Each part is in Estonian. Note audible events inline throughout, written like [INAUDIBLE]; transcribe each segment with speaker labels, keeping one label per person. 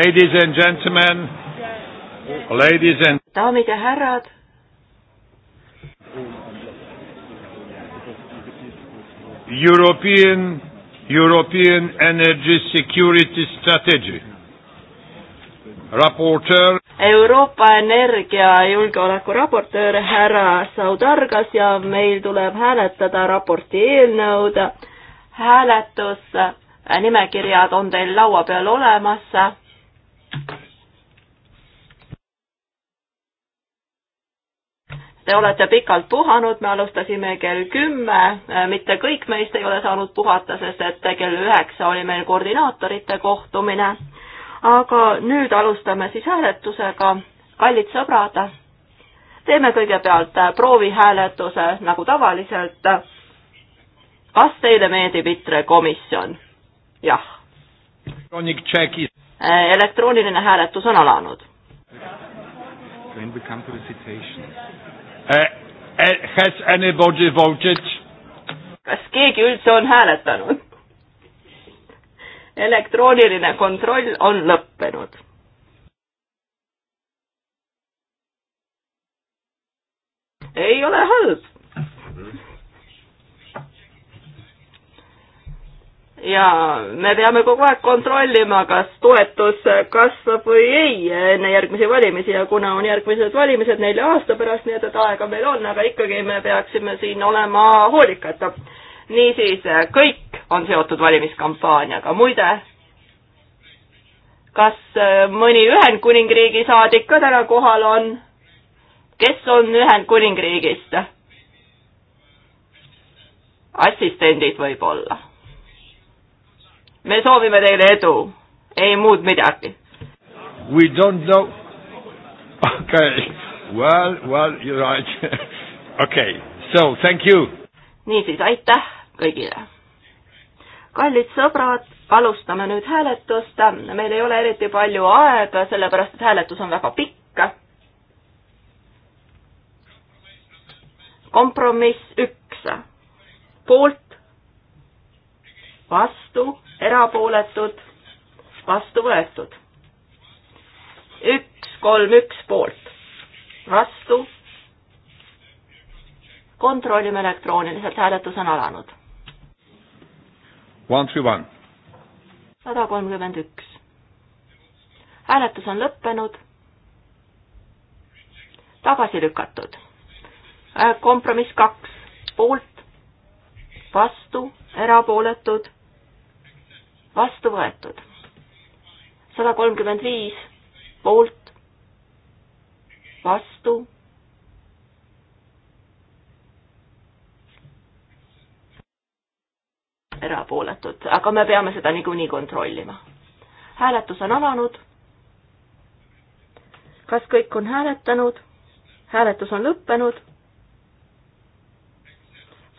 Speaker 1: Ladies and gentlemen, ladies and daamid ja härrad. European, European Energy Security Strategy. raportöör.
Speaker 2: Euroopa energiajulgeoleku raportöör härra Saudargas ja meil tuleb hääletada raporti eelnõud. hääletus äh, nimekirjad on teil laua peal olemas. Te olete pikalt puhanud, me alustasime kell kümme, äh, mitte kõik meist ei ole saanud puhata, sest et kell üheksa oli meil koordinaatorite kohtumine. aga nüüd alustame siis hääletusega. kallid sõbrad, teeme kõigepealt proovihääletuse nagu tavaliselt. kas teile meeldib ITRE komisjon? jah.
Speaker 1: Äh,
Speaker 2: elektrooniline hääletus on alanud.
Speaker 1: When we come to the citation. Eh, eh, has anybody voted?
Speaker 2: kas keegi üldse on hääletanud? elektrooniline kontroll on lõppenud. ei ole halb. ja me peame kogu aeg kontrollima, kas toetus kasvab või ei enne järgmisi valimisi ja kuna on järgmised valimised nelja aasta pärast, nii et, et aega meil on, aga ikkagi me peaksime siin olema hoolikad. niisiis, kõik on seotud valimiskampaaniaga, muide, kas mõni Ühendkuningriigi saadik ka täna kohal on? kes on Ühendkuningriigist? assistendid võib-olla me soovime teile edu, ei muud midagi.
Speaker 1: We don't know. Okay, well, well, you are right [LAUGHS] Okay, so thank you.
Speaker 2: niisiis, aitäh kõigile. kallid sõbrad, alustame nüüd hääletust. meil ei ole eriti palju aega, sellepärast et hääletus on väga pikk. kompromiss üks, poolt, vastu erapooletud, vastu võetud. üks, kolm, üks poolt, vastu. kontrollime elektrooniliselt, hääletus on alanud. One three one. sada kolmkümmend üks. hääletus on lõppenud. tagasi lükatud. kompromiss kaks, poolt, vastu, erapooletud vastu võetud. sada kolmkümmend viis poolt, vastu. erapooletud, aga me peame seda niikuinii kontrollima. hääletus on alanud. kas kõik on hääletanud? hääletus on lõppenud.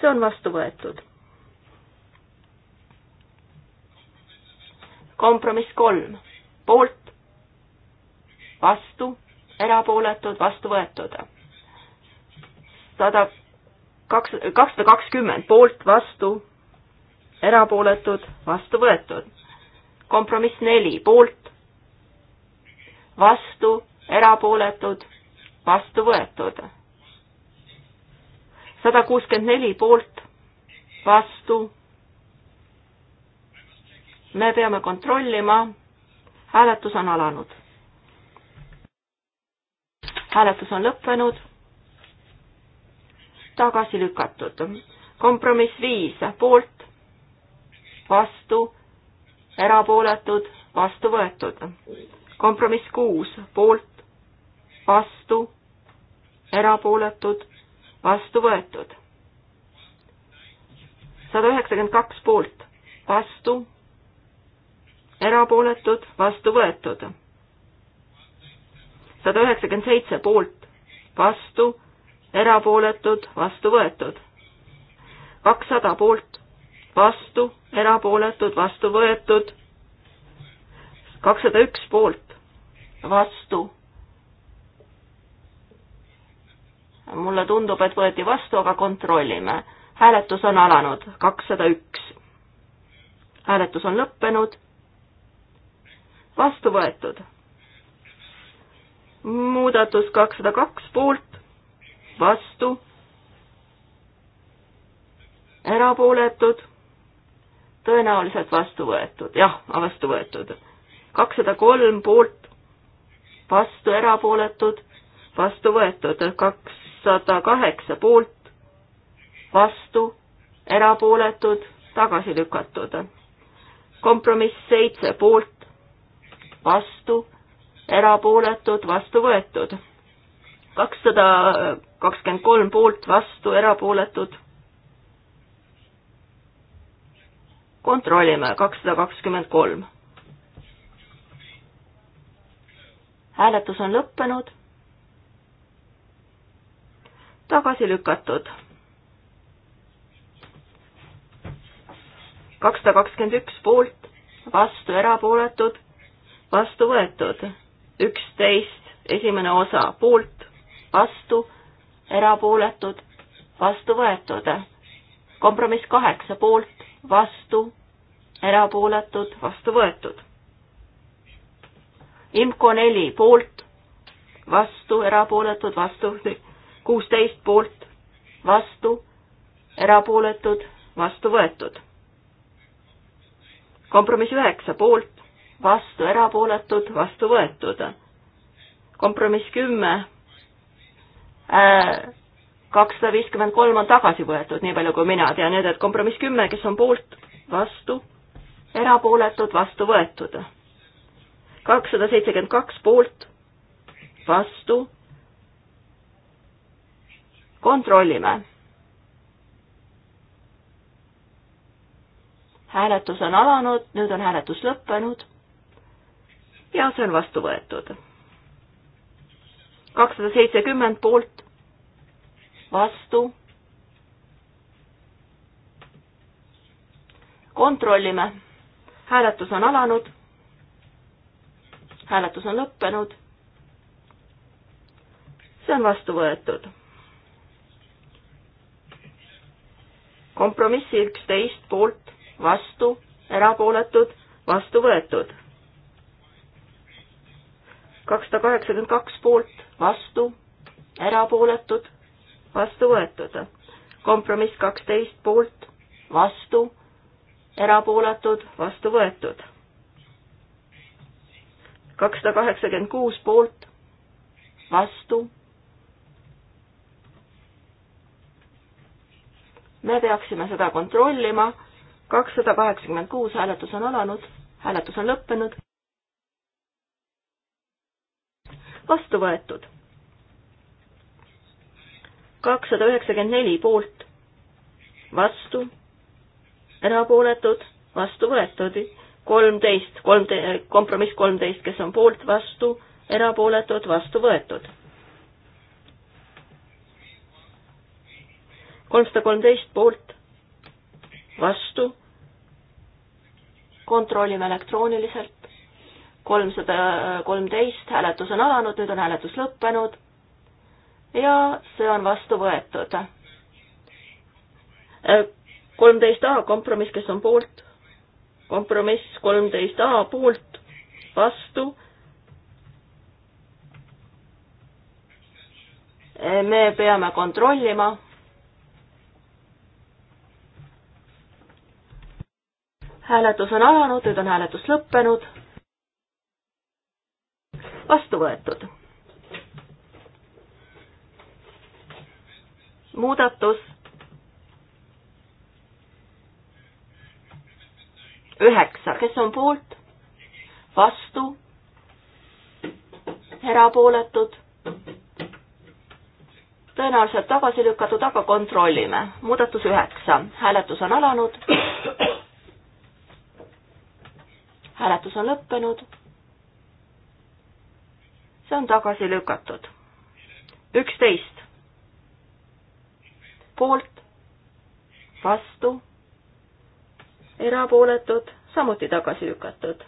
Speaker 2: see on vastu võetud kompromiss kolm, poolt, vastu, erapooletud, vastu võetud. sada kaks, kakssada kakskümmend poolt, vastu, erapooletud, vastu võetud. kompromiss neli, poolt, vastu, erapooletud, vastu võetud. sada kuuskümmend neli poolt, vastu, me peame kontrollima, hääletus on alanud. hääletus on lõppenud, tagasi lükatud. kompromiss viis, poolt, vastu, erapooletud, vastu võetud. kompromiss kuus, poolt, vastu, erapooletud, vastu võetud. sada üheksakümmend kaks poolt, vastu erapooletud, vastu võetud. sada üheksakümmend seitse poolt, vastu, erapooletud, vastu võetud. kakssada poolt, vastu, erapooletud, vastu võetud. kakssada üks poolt, vastu. mulle tundub, et võeti vastu, aga kontrollime. hääletus on alanud, kakssada üks. hääletus on lõppenud vastu võetud. muudatus kakssada kaks poolt, vastu, erapooletud, tõenäoliselt vastu võetud, jah, vastu võetud. kakssada kolm poolt, vastu, erapooletud, vastu võetud, kakssada kaheksa poolt, vastu, erapooletud, tagasi lükatud. kompromiss seitse poolt, vastu, erapooletud, vastu võetud. kakssada kakskümmend kolm poolt, vastu, erapooletud. kontrollime, kakssada kakskümmend kolm. hääletus on lõppenud. tagasi lükatud kakssada kakskümmend üks poolt, vastu erapooletud, vastu võetud. üksteist, esimene osa poolt, vastu, erapooletud, vastu võetud. kompromiss kaheksa poolt, vastu, erapooletud, vastu võetud. IMCO neli poolt, vastu, erapooletud, vastu, kuusteist poolt, vastu, erapooletud, vastu võetud. kompromiss üheksa poolt, vastu erapooletud, vastu võetud. kompromiss kümme, äh, kakssada viiskümmend kolm on tagasi võetud, nii palju kui mina tean, nüüd, et kompromiss kümme, kes on poolt, vastu, erapooletud, vastu võetud. kakssada seitsekümmend kaks poolt, vastu, kontrollime hääletus on alanud, nüüd on hääletus lõppenud ja see on vastu võetud. kakssada seitsekümmend poolt, vastu. kontrollime, hääletus on alanud. hääletus on lõppenud. see on vastu võetud. kompromissi üksteist poolt, vastu, erapooletud, vastu võetud kakssada kaheksakümmend kaks poolt, vastu, erapooletud, vastu võetud. kompromiss kaksteist poolt, vastu, erapooletud, vastu võetud. kakssada kaheksakümmend kuus poolt, vastu. me peaksime seda kontrollima. kakssada kaheksakümmend kuus hääletus on alanud, hääletus on lõppenud. vastu võetud. kakssada üheksakümmend neli poolt, vastu, erapooletud, vastu võetud, kolmteist, kolm, kompromiss kolmteist, kes on poolt, vastu, erapooletud, vastu võetud. kolmsada kolmteist poolt, vastu, kontrollime elektrooniliselt kolmsada kolmteist, hääletus on alanud, nüüd on hääletus lõppenud ja see on vastu võetud. kolmteist A kompromiss, kes on poolt, kompromiss kolmteist A poolt, vastu. me peame kontrollima. hääletus on alanud, nüüd on hääletus lõppenud vastu võetud. muudatus üheksa, kes on poolt, vastu, erapooletud, tõenäoliselt tagasi lükatud, aga kontrollime. muudatus üheksa, hääletus on alanud. hääletus on lõppenud see on tagasi lükatud. üksteist. poolt, vastu, erapooletud, samuti tagasi lükatud.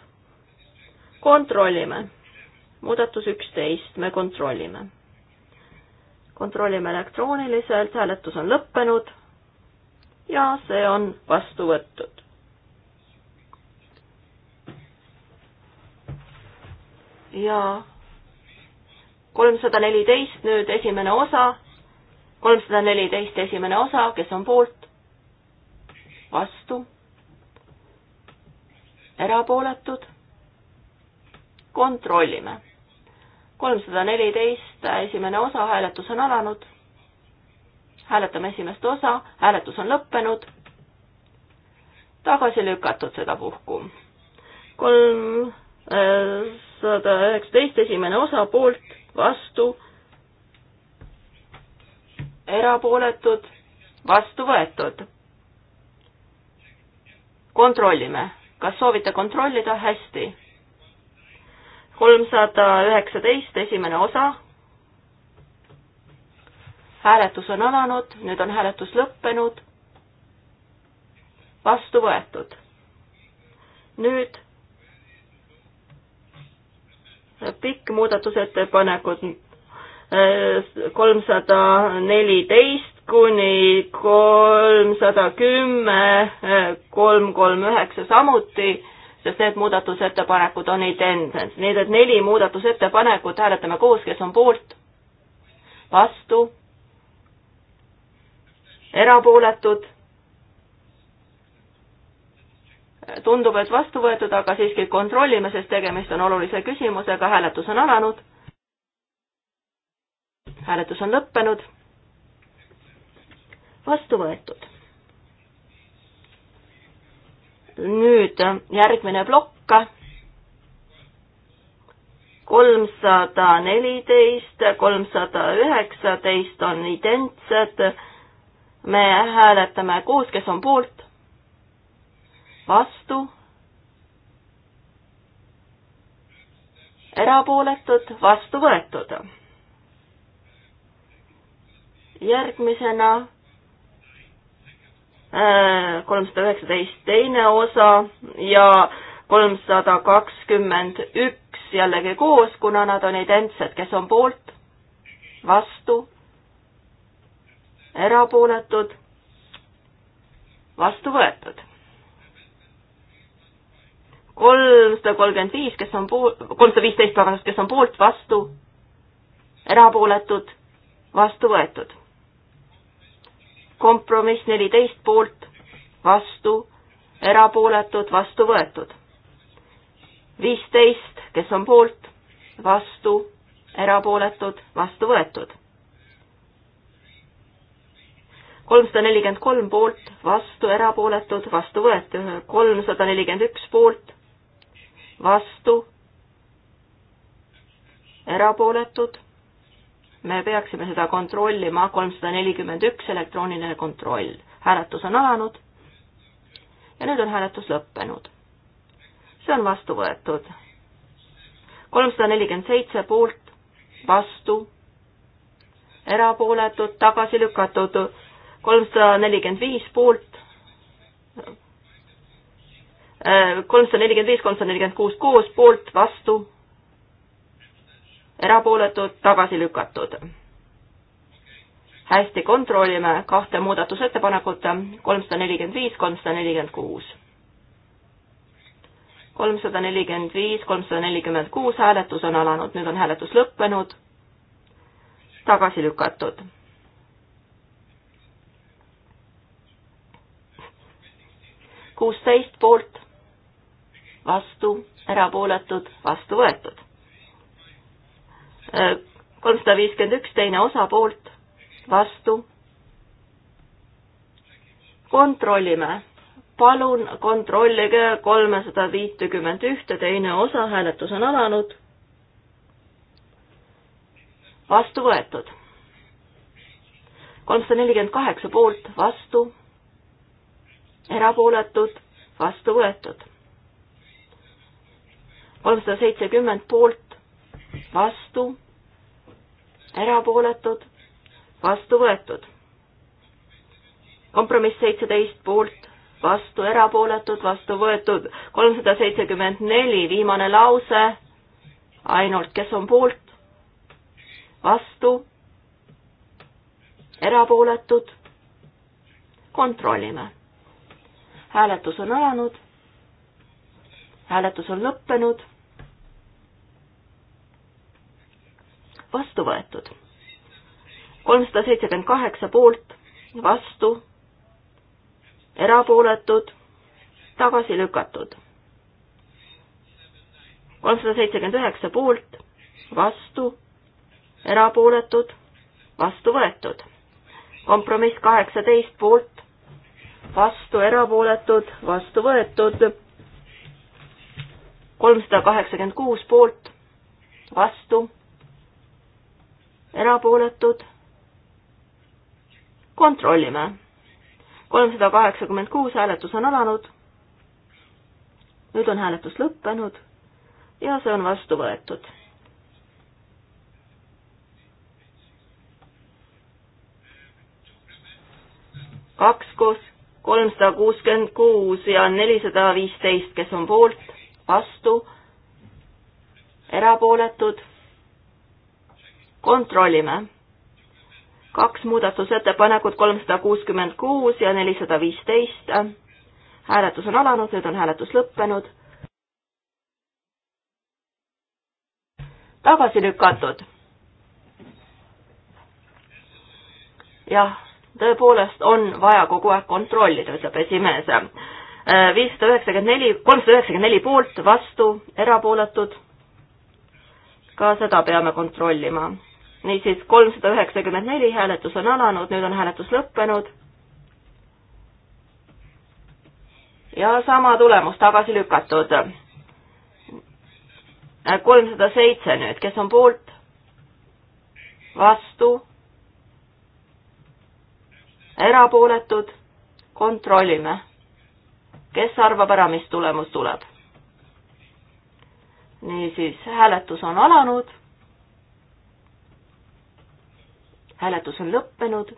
Speaker 2: kontrollime. muudatus üksteist, me kontrollime. kontrollime elektrooniliselt, hääletus on lõppenud ja see on vastu võtnud. ja kolmsada neliteist nüüd esimene osa, kolmsada neliteist esimene osa, kes on poolt, vastu, erapooletud, kontrollime. kolmsada neliteist esimene osa, hääletus on alanud, hääletame esimest osa, hääletus on lõppenud, tagasi lükatud sedapuhku. kolmsada üheksateist esimene osa poolt vastu, erapooletud, vastu võetud. kontrollime, kas soovite kontrollida, hästi. kolmsada üheksateist, esimene osa. hääletus on alanud, nüüd on hääletus lõppenud. vastu võetud. nüüd pikk muudatusettepanekud kolmsada neliteist kuni kolmsada kümme, kolm, kolm, üheksa samuti, sest need muudatusettepanekud on identsed. Need on neli muudatusettepanekut, hääletame koos, kes on poolt, vastu, erapooletud tundub, et vastu võetud, aga siiski kontrollime, sest tegemist on olulise küsimusega, hääletus on alanud. hääletus on lõppenud. vastu võetud. nüüd järgmine plokk. kolmsada neliteist, kolmsada üheksateist on identsed. me hääletame koos, kes on poolt vastu,
Speaker 1: erapooletud, vastu võetud.
Speaker 2: järgmisena äh, kolmsada üheksateist teine osa ja kolmsada kakskümmend üks jällegi koos, kuna nad on identsed, kes on poolt, vastu, erapooletud, vastu võetud kolmsada kolmkümmend viis, kes on pool, kolmsada viisteist, vabandust, kes on poolt, vastu, erapooletud, vastu võetud. kompromiss neliteist poolt, vastu, erapooletud, vastu võetud. viisteist, kes on poolt, vastu, erapooletud, vastu võetud. kolmsada nelikümmend kolm poolt, vastu, erapooletud, vastu võetud, kolmsada nelikümmend üks poolt vastu, erapooletud. me peaksime seda kontrollima, kolmsada nelikümmend üks elektrooniline kontroll. hääletus on alanud ja nüüd on hääletus lõppenud. see on vastu võetud. kolmsada nelikümmend seitse poolt, vastu, erapooletud, tagasi lükatud, kolmsada nelikümmend viis poolt, kolmsada nelikümmend viis, kolmsada nelikümmend kuus koos, poolt, vastu, erapooletud, tagasi lükatud. hästi, kontrollime kahte muudatusettepanekut, kolmsada nelikümmend viis, kolmsada nelikümmend kuus. kolmsada nelikümmend viis, kolmsada nelikümmend kuus hääletus on alanud, nüüd on hääletus lõppenud, tagasi lükatud kuusteist poolt, vastu, erapooletud, vastu võetud. Äh, kolmsada viiskümmend üks, teine osa poolt, vastu. kontrollime, palun kontrollige kolmesada viitekümmet ühte, teine osa, hääletus on alanud. vastu võetud. kolmsada nelikümmend kaheksa poolt, vastu, erapooletud, vastu võetud kolmsada seitsekümmend poolt, vastu, erapooletud, vastu võetud. kompromiss seitseteist poolt, vastu erapooletud, vastu võetud, kolmsada seitsekümmend neli, viimane lause, ainult kes on poolt, vastu, erapooletud, kontrollime. hääletus on alanud hääletus on lõppenud. vastu võetud. kolmsada seitsekümmend kaheksa poolt, vastu, erapooletud, tagasi lükatud. kolmsada seitsekümmend üheksa poolt, vastu, erapooletud, vastu võetud. kompromiss kaheksateist poolt, vastu, erapooletud, vastu võetud kolmsada kaheksakümmend kuus poolt, vastu, erapooletud. kontrollime. kolmsada kaheksakümmend kuus hääletus on alanud. nüüd on hääletus lõppenud ja see on vastu võetud. kaks koos kolmsada kuuskümmend kuus ja nelisada viisteist, kes on poolt vastu, erapooletud. kontrollime. kaks muudatusettepanekut, kolmsada kuuskümmend kuus ja nelisada viisteist. hääletus on alanud, nüüd on hääletus lõppenud. tagasi lükatud. jah, tõepoolest on vaja kogu aeg kontrollida, ütleb esimees viissada üheksakümmend neli, kolmsada üheksakümmend neli poolt, vastu, erapooletud. ka seda peame kontrollima. niisiis, kolmsada üheksakümmend neli hääletus on alanud, nüüd on hääletus lõppenud. ja sama tulemus tagasi lükatud. kolmsada seitse nüüd, kes on poolt? vastu? erapooletud? kontrollime kes arvab ära, mis tulemus tuleb. niisiis, hääletus on alanud. hääletus on lõppenud.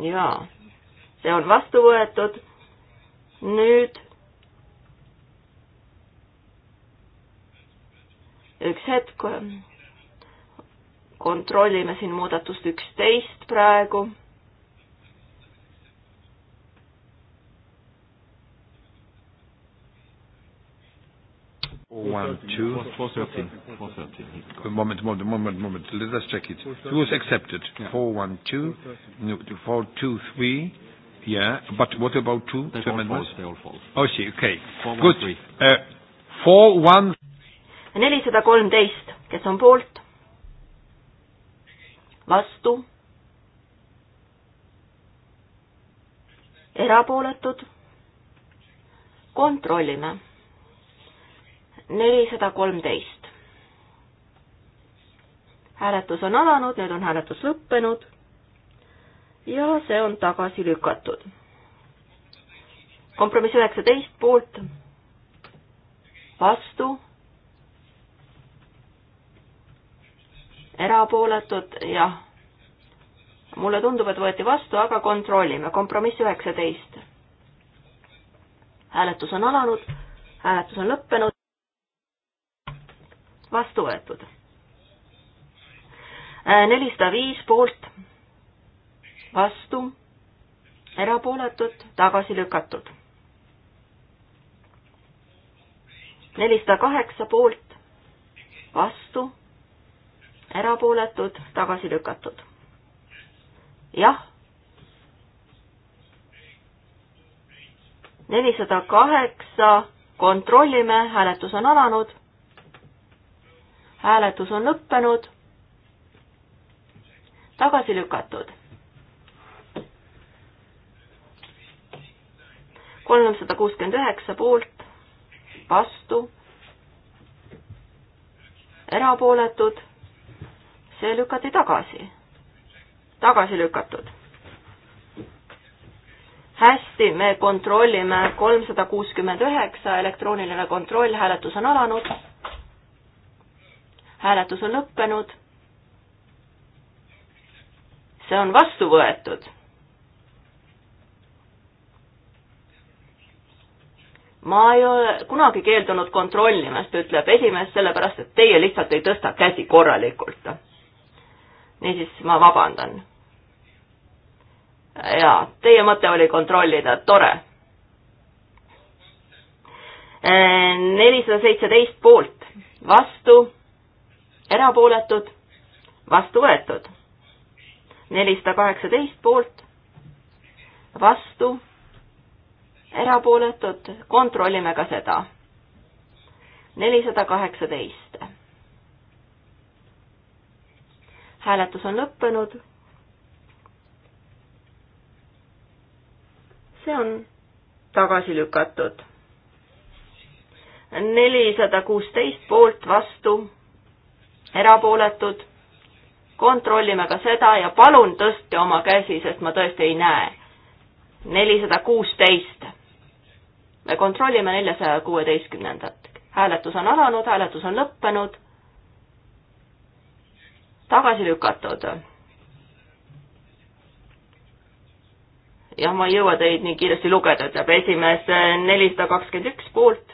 Speaker 2: jaa, see on vastu võetud. nüüd üks hetk, kontrollime siin muudatust üksteist praegu
Speaker 1: One, two. 413. 413. A moment, moment, moment, moment. Let us check it. It was accepted. Yeah. 412, 423. Yeah, but what about two? They all false. They all false. Oh, see, okay. Good. Uh, four, one.
Speaker 2: nelisada kolmteist, kes on poolt? vastu? erapooletud? kontrollime nelisada kolmteist. hääletus on alanud, nüüd on hääletus lõppenud ja see on tagasi lükatud. kompromiss üheksateist poolt, vastu, erapooletud, jah. mulle tundub, et võeti vastu, aga kontrollime, kompromiss üheksateist. hääletus on alanud, hääletus on lõppenud vastu võetud. Äh, nelisada viis poolt, vastu, erapooletud, tagasi lükatud. nelisada kaheksa poolt, vastu, erapooletud, tagasi lükatud. jah nelisada kaheksa, kontrollime, hääletus on alanud hääletus on lõppenud, tagasi lükatud. kolmsada kuuskümmend üheksa poolt, vastu, erapooletud, see lükati tagasi, tagasi lükatud hästi, me kontrollime kolmsada kuuskümmend üheksa, elektrooniline kontroll, hääletus on alanud hääletus on lõppenud. see on vastu võetud. ma ei ole kunagi keeldunud kontrollimast, ütleb esimees, sellepärast et teie lihtsalt ei tõsta käsi korralikult. niisiis, ma vabandan. jaa, teie mõte oli kontrollida, tore. Äh, nelisada seitseteist poolt, vastu erapooletud, vastu võetud. nelisada kaheksateist poolt, vastu, erapooletud, kontrollime ka seda. nelisada kaheksateist. hääletus on lõppenud. see on tagasi lükatud. nelisada kuusteist poolt, vastu erapooletud, kontrollime ka seda ja palun tõstke oma käsi, sest ma tõesti ei näe. nelisada kuusteist. me kontrollime neljasaja kuueteistkümnendat. hääletus on alanud, hääletus on lõppenud. tagasi lükatud. jah, ma ei jõua teid nii kiiresti lugeda, ütleb esimees nelisada kakskümmend üks poolt,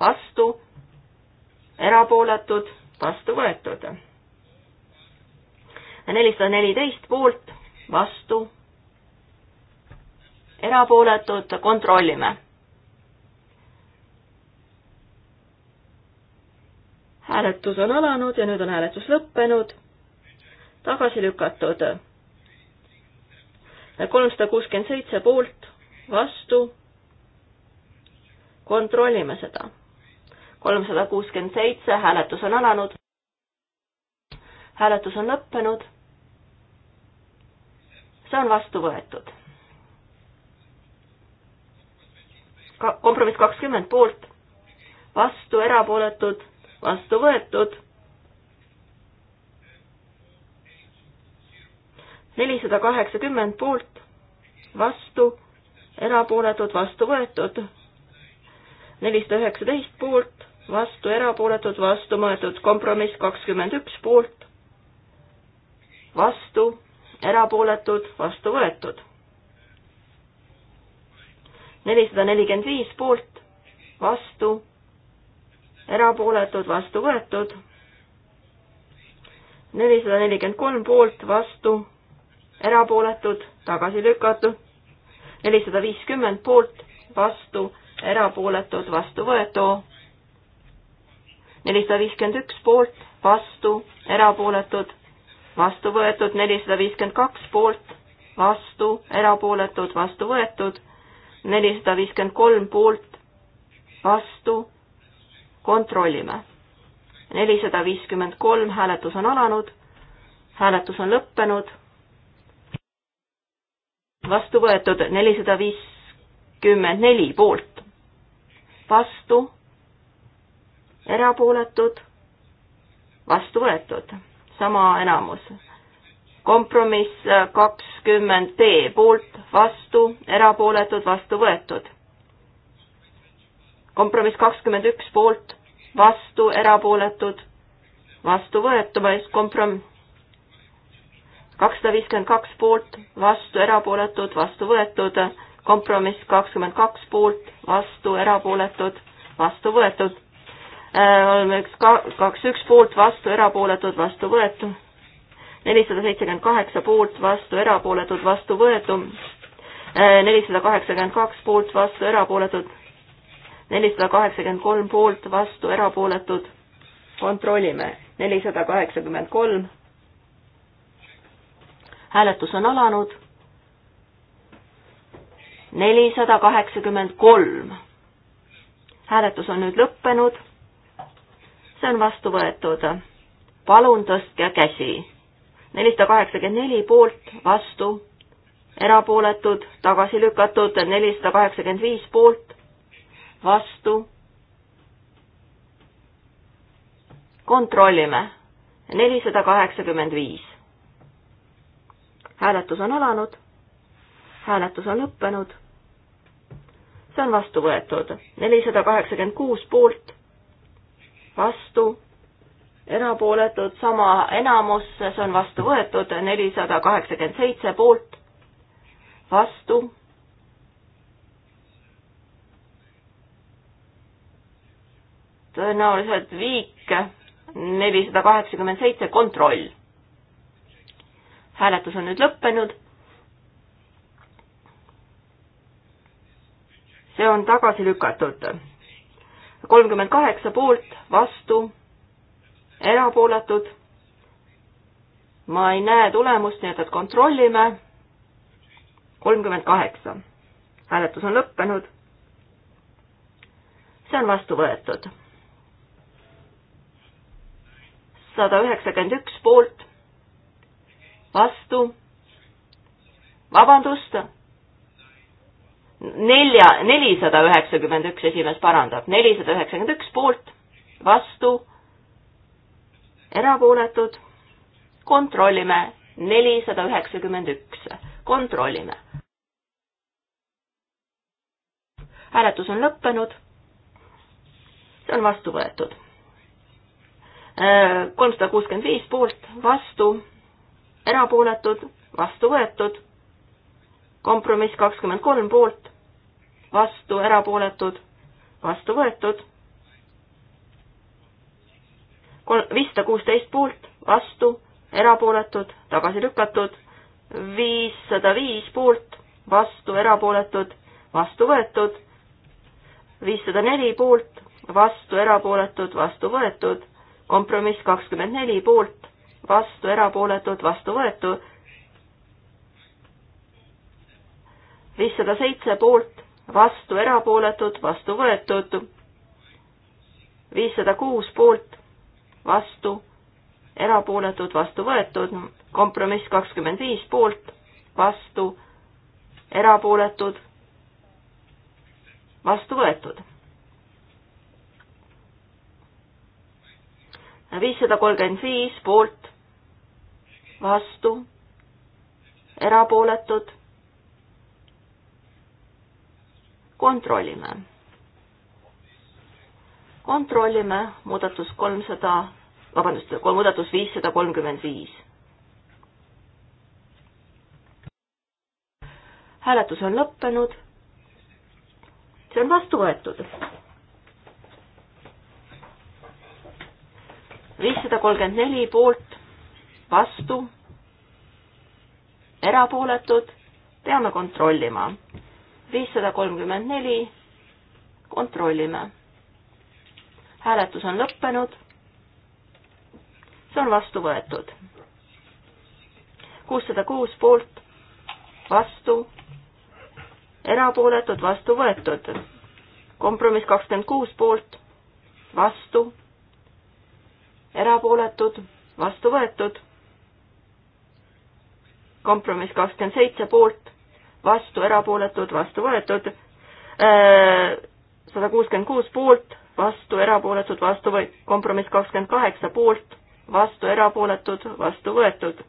Speaker 2: vastu, erapooletud vastu võetud. nelisada neliteist poolt, vastu, erapooletud, kontrollime. hääletus on alanud ja nüüd on hääletus lõppenud, tagasi lükatud. kolmsada kuuskümmend seitse poolt, vastu, kontrollime seda kolmsada kuuskümmend seitse, hääletus on alanud. hääletus on lõppenud. see on vastu võetud. kompromiss kakskümmend poolt, vastu erapooletud, vastu võetud. nelisada kaheksakümmend poolt, vastu, erapooletud, vastu võetud. nelisada üheksateist poolt, vastu erapooletud, vastu võetud kompromiss kakskümmend üks poolt, vastu erapooletud, vastu võetud. nelisada nelikümmend viis poolt, vastu erapooletud, vastu võetud. nelisada nelikümmend kolm poolt, vastu erapooletud, tagasi lükatud. nelisada viiskümmend poolt, vastu erapooletud, vastu võetu nelisada viiskümmend üks poolt, vastu, erapooletud, vastu võetud, nelisada viiskümmend kaks poolt, vastu, erapooletud, vastu võetud, nelisada viiskümmend kolm poolt, vastu, kontrollime. nelisada viiskümmend kolm, hääletus on alanud, hääletus on lõppenud, vastu võetud nelisada viiskümmend neli poolt, vastu erapooletud, vastu võetud, sama enamus. kompromiss kakskümmend D poolt, vastu, erapooletud, vastu võetud. kompromiss kakskümmend üks poolt, vastu, erapooletud, vastu võetumas komprom-, kakssada viiskümmend kaks poolt, vastu, erapooletud, vastu võetud, kompromiss kakskümmend kaks poolt, vastu, erapooletud, vastu võetud Äh, oleme üks, kaks, üks poolt, vastu, erapooletud, vastu võetu. nelisada seitsekümmend kaheksa poolt, vastu, erapooletud, vastu võetu. Äh, nelisada kaheksakümmend kaks poolt, vastu, erapooletud. nelisada kaheksakümmend kolm poolt, vastu, erapooletud. kontrollime. nelisada kaheksakümmend kolm. hääletus on alanud. nelisada kaheksakümmend kolm hääletus on nüüd lõppenud see on vastu võetud. palun tõstke käsi. nelisada kaheksakümmend neli poolt, vastu, erapooletud, tagasi lükatud, nelisada kaheksakümmend viis poolt, vastu. kontrollime. nelisada kaheksakümmend viis. hääletus on alanud. hääletus on lõppenud. see on vastu võetud. nelisada kaheksakümmend kuus poolt vastu, erapooletud, sama enamus, see on vastu võetud, nelisada kaheksakümmend seitse poolt, vastu tõenäoliselt viik nelisada kaheksakümmend seitse, kontroll. hääletus on nüüd lõppenud. see on tagasi lükatud kolmkümmend kaheksa poolt, vastu, erapooletud. ma ei näe tulemust, nii et, et kontrollime. kolmkümmend kaheksa. hääletus on lõppenud. see on vastu võetud. sada üheksakümmend üks poolt, vastu, vabandust nelja, nelisada üheksakümmend üks esimees parandab, nelisada üheksakümmend üks poolt, vastu, erapooletud, kontrollime, nelisada üheksakümmend üks, kontrollime. hääletus on lõppenud, see on vastu võetud. Äh, kolmsada kuuskümmend viis poolt, vastu, erapooletud, vastu võetud kompromiss kakskümmend kolm poolt, vastu erapooletud, vastu võetud. kolm, viissada kuusteist poolt, vastu, erapooletud, tagasi lükatud, viissada viis poolt, vastu, erapooletud, vastu võetud, viissada neli poolt, vastu, erapooletud, vastu võetud, kompromiss kakskümmend neli poolt, vastu, erapooletud, vastu võetud, viissada seitse poolt, vastu erapooletud, vastu võetud. viissada kuus poolt, vastu erapooletud, vastu võetud. kompromiss kakskümmend viis poolt, vastu erapooletud, vastu võetud. viissada kolmkümmend viis poolt, vastu erapooletud kontrollime. kontrollime muudatus kolmsada, vabandust, muudatus viissada kolmkümmend viis. hääletus on lõppenud. see on vastu võetud. viissada kolmkümmend neli poolt, vastu, erapooletud, peame kontrollima viissada kolmkümmend neli, kontrollime. hääletus on lõppenud. see on vastu võetud. kuussada kuus poolt, vastu, erapooletud, vastu võetud. kompromiss kakskümmend kuus poolt, vastu, erapooletud, vastu võetud. kompromiss kakskümmend seitse poolt, vastu erapooletud, vastu võetud, äh, sada kuuskümmend kuus poolt, vastu erapooletud, vastu või-, kompromiss kakskümmend kaheksa poolt, vastu erapooletud, vastu võetud.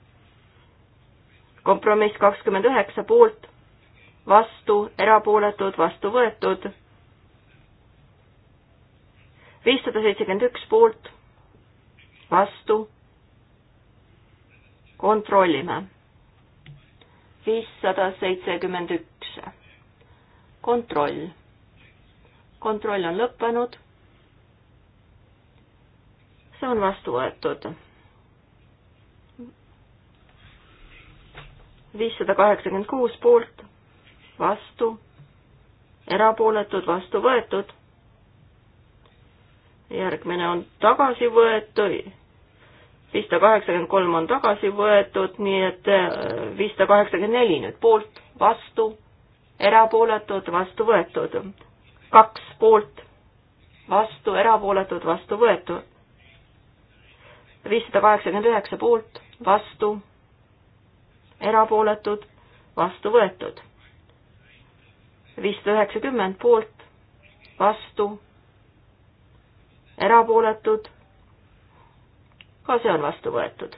Speaker 2: kompromiss kakskümmend üheksa poolt, vastu erapooletud, vastu võetud, viissada seitsekümmend üks poolt, vastu, kontrollime viissada seitsekümmend üks. kontroll. kontroll on lõppenud. see on vastu võetud. viissada kaheksakümmend kuus poolt, vastu, erapooletud, vastu võetud. järgmine on tagasi võetud viissada kaheksakümmend kolm on tagasi võetud, nii et äh, viissada kaheksakümmend neli nüüd poolt, vastu, erapooletud, vastu võetud. kaks poolt, vastu, erapooletud, vastu võetud. viissada kaheksakümmend üheksa poolt, vastu, erapooletud, vastu võetud. viissada üheksakümmend poolt, vastu, erapooletud ka see on vastu võetud.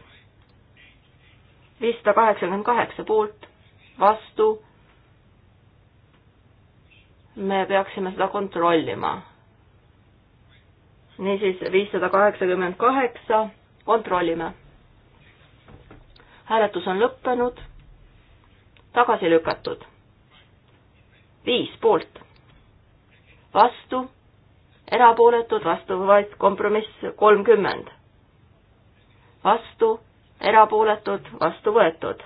Speaker 2: viissada kaheksakümmend kaheksa poolt, vastu. me peaksime seda kontrollima. niisiis, viissada kaheksakümmend kaheksa, kontrollime. hääletus on lõppenud, tagasi lükatud. viis poolt, vastu erapooletud, vastu võetud kompromiss kolmkümmend vastu, erapooletud, vastu võetud.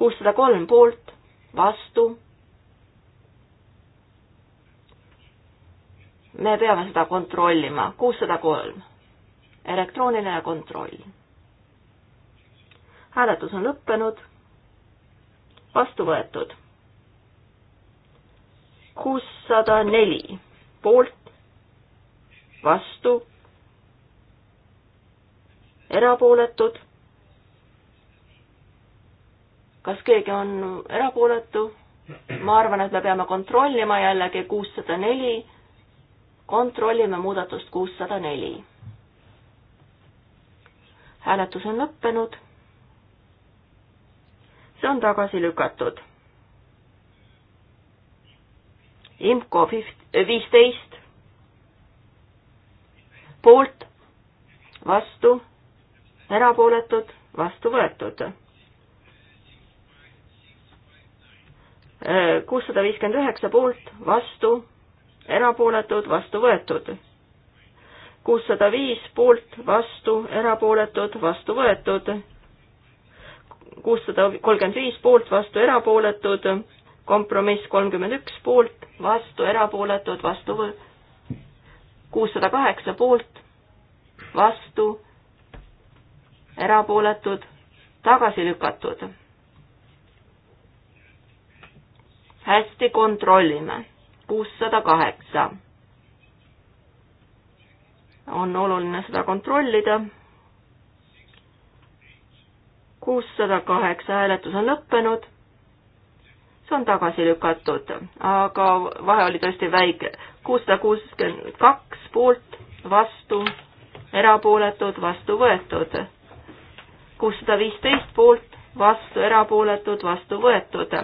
Speaker 2: kuussada kolm poolt, vastu. me peame seda kontrollima, kuussada kolm. elektrooniline kontroll. hääletus on lõppenud, vastu võetud. kuussada neli poolt, vastu erapooletud. kas keegi on erapooletu? ma arvan, et me peame kontrollima jällegi kuussada neli. kontrollime muudatust kuussada neli. hääletus on lõppenud. see on tagasi lükatud. IMCO viisteist poolt, vastu erapooletud, vastu võetud. kuussada viiskümmend üheksa poolt, vastu, erapooletud, vastu võetud. kuussada viis poolt, vastu, erapooletud, vastu võetud. kuussada kolmkümmend viis poolt, vastu, erapooletud, kompromiss kolmkümmend üks poolt, vastu, erapooletud, vastu kuussada kaheksa poolt, vastu erapooletud, tagasi lükatud. hästi, kontrollime. kuussada kaheksa. on oluline seda kontrollida. kuussada kaheksa hääletus on lõppenud see on tagasi lükatud, aga vahe oli tõesti väike. kuussada kuuskümmend kaks poolt, vastu, erapooletud, vastu võetud kuussada viisteist poolt, vastu erapooletud, vastu võetud.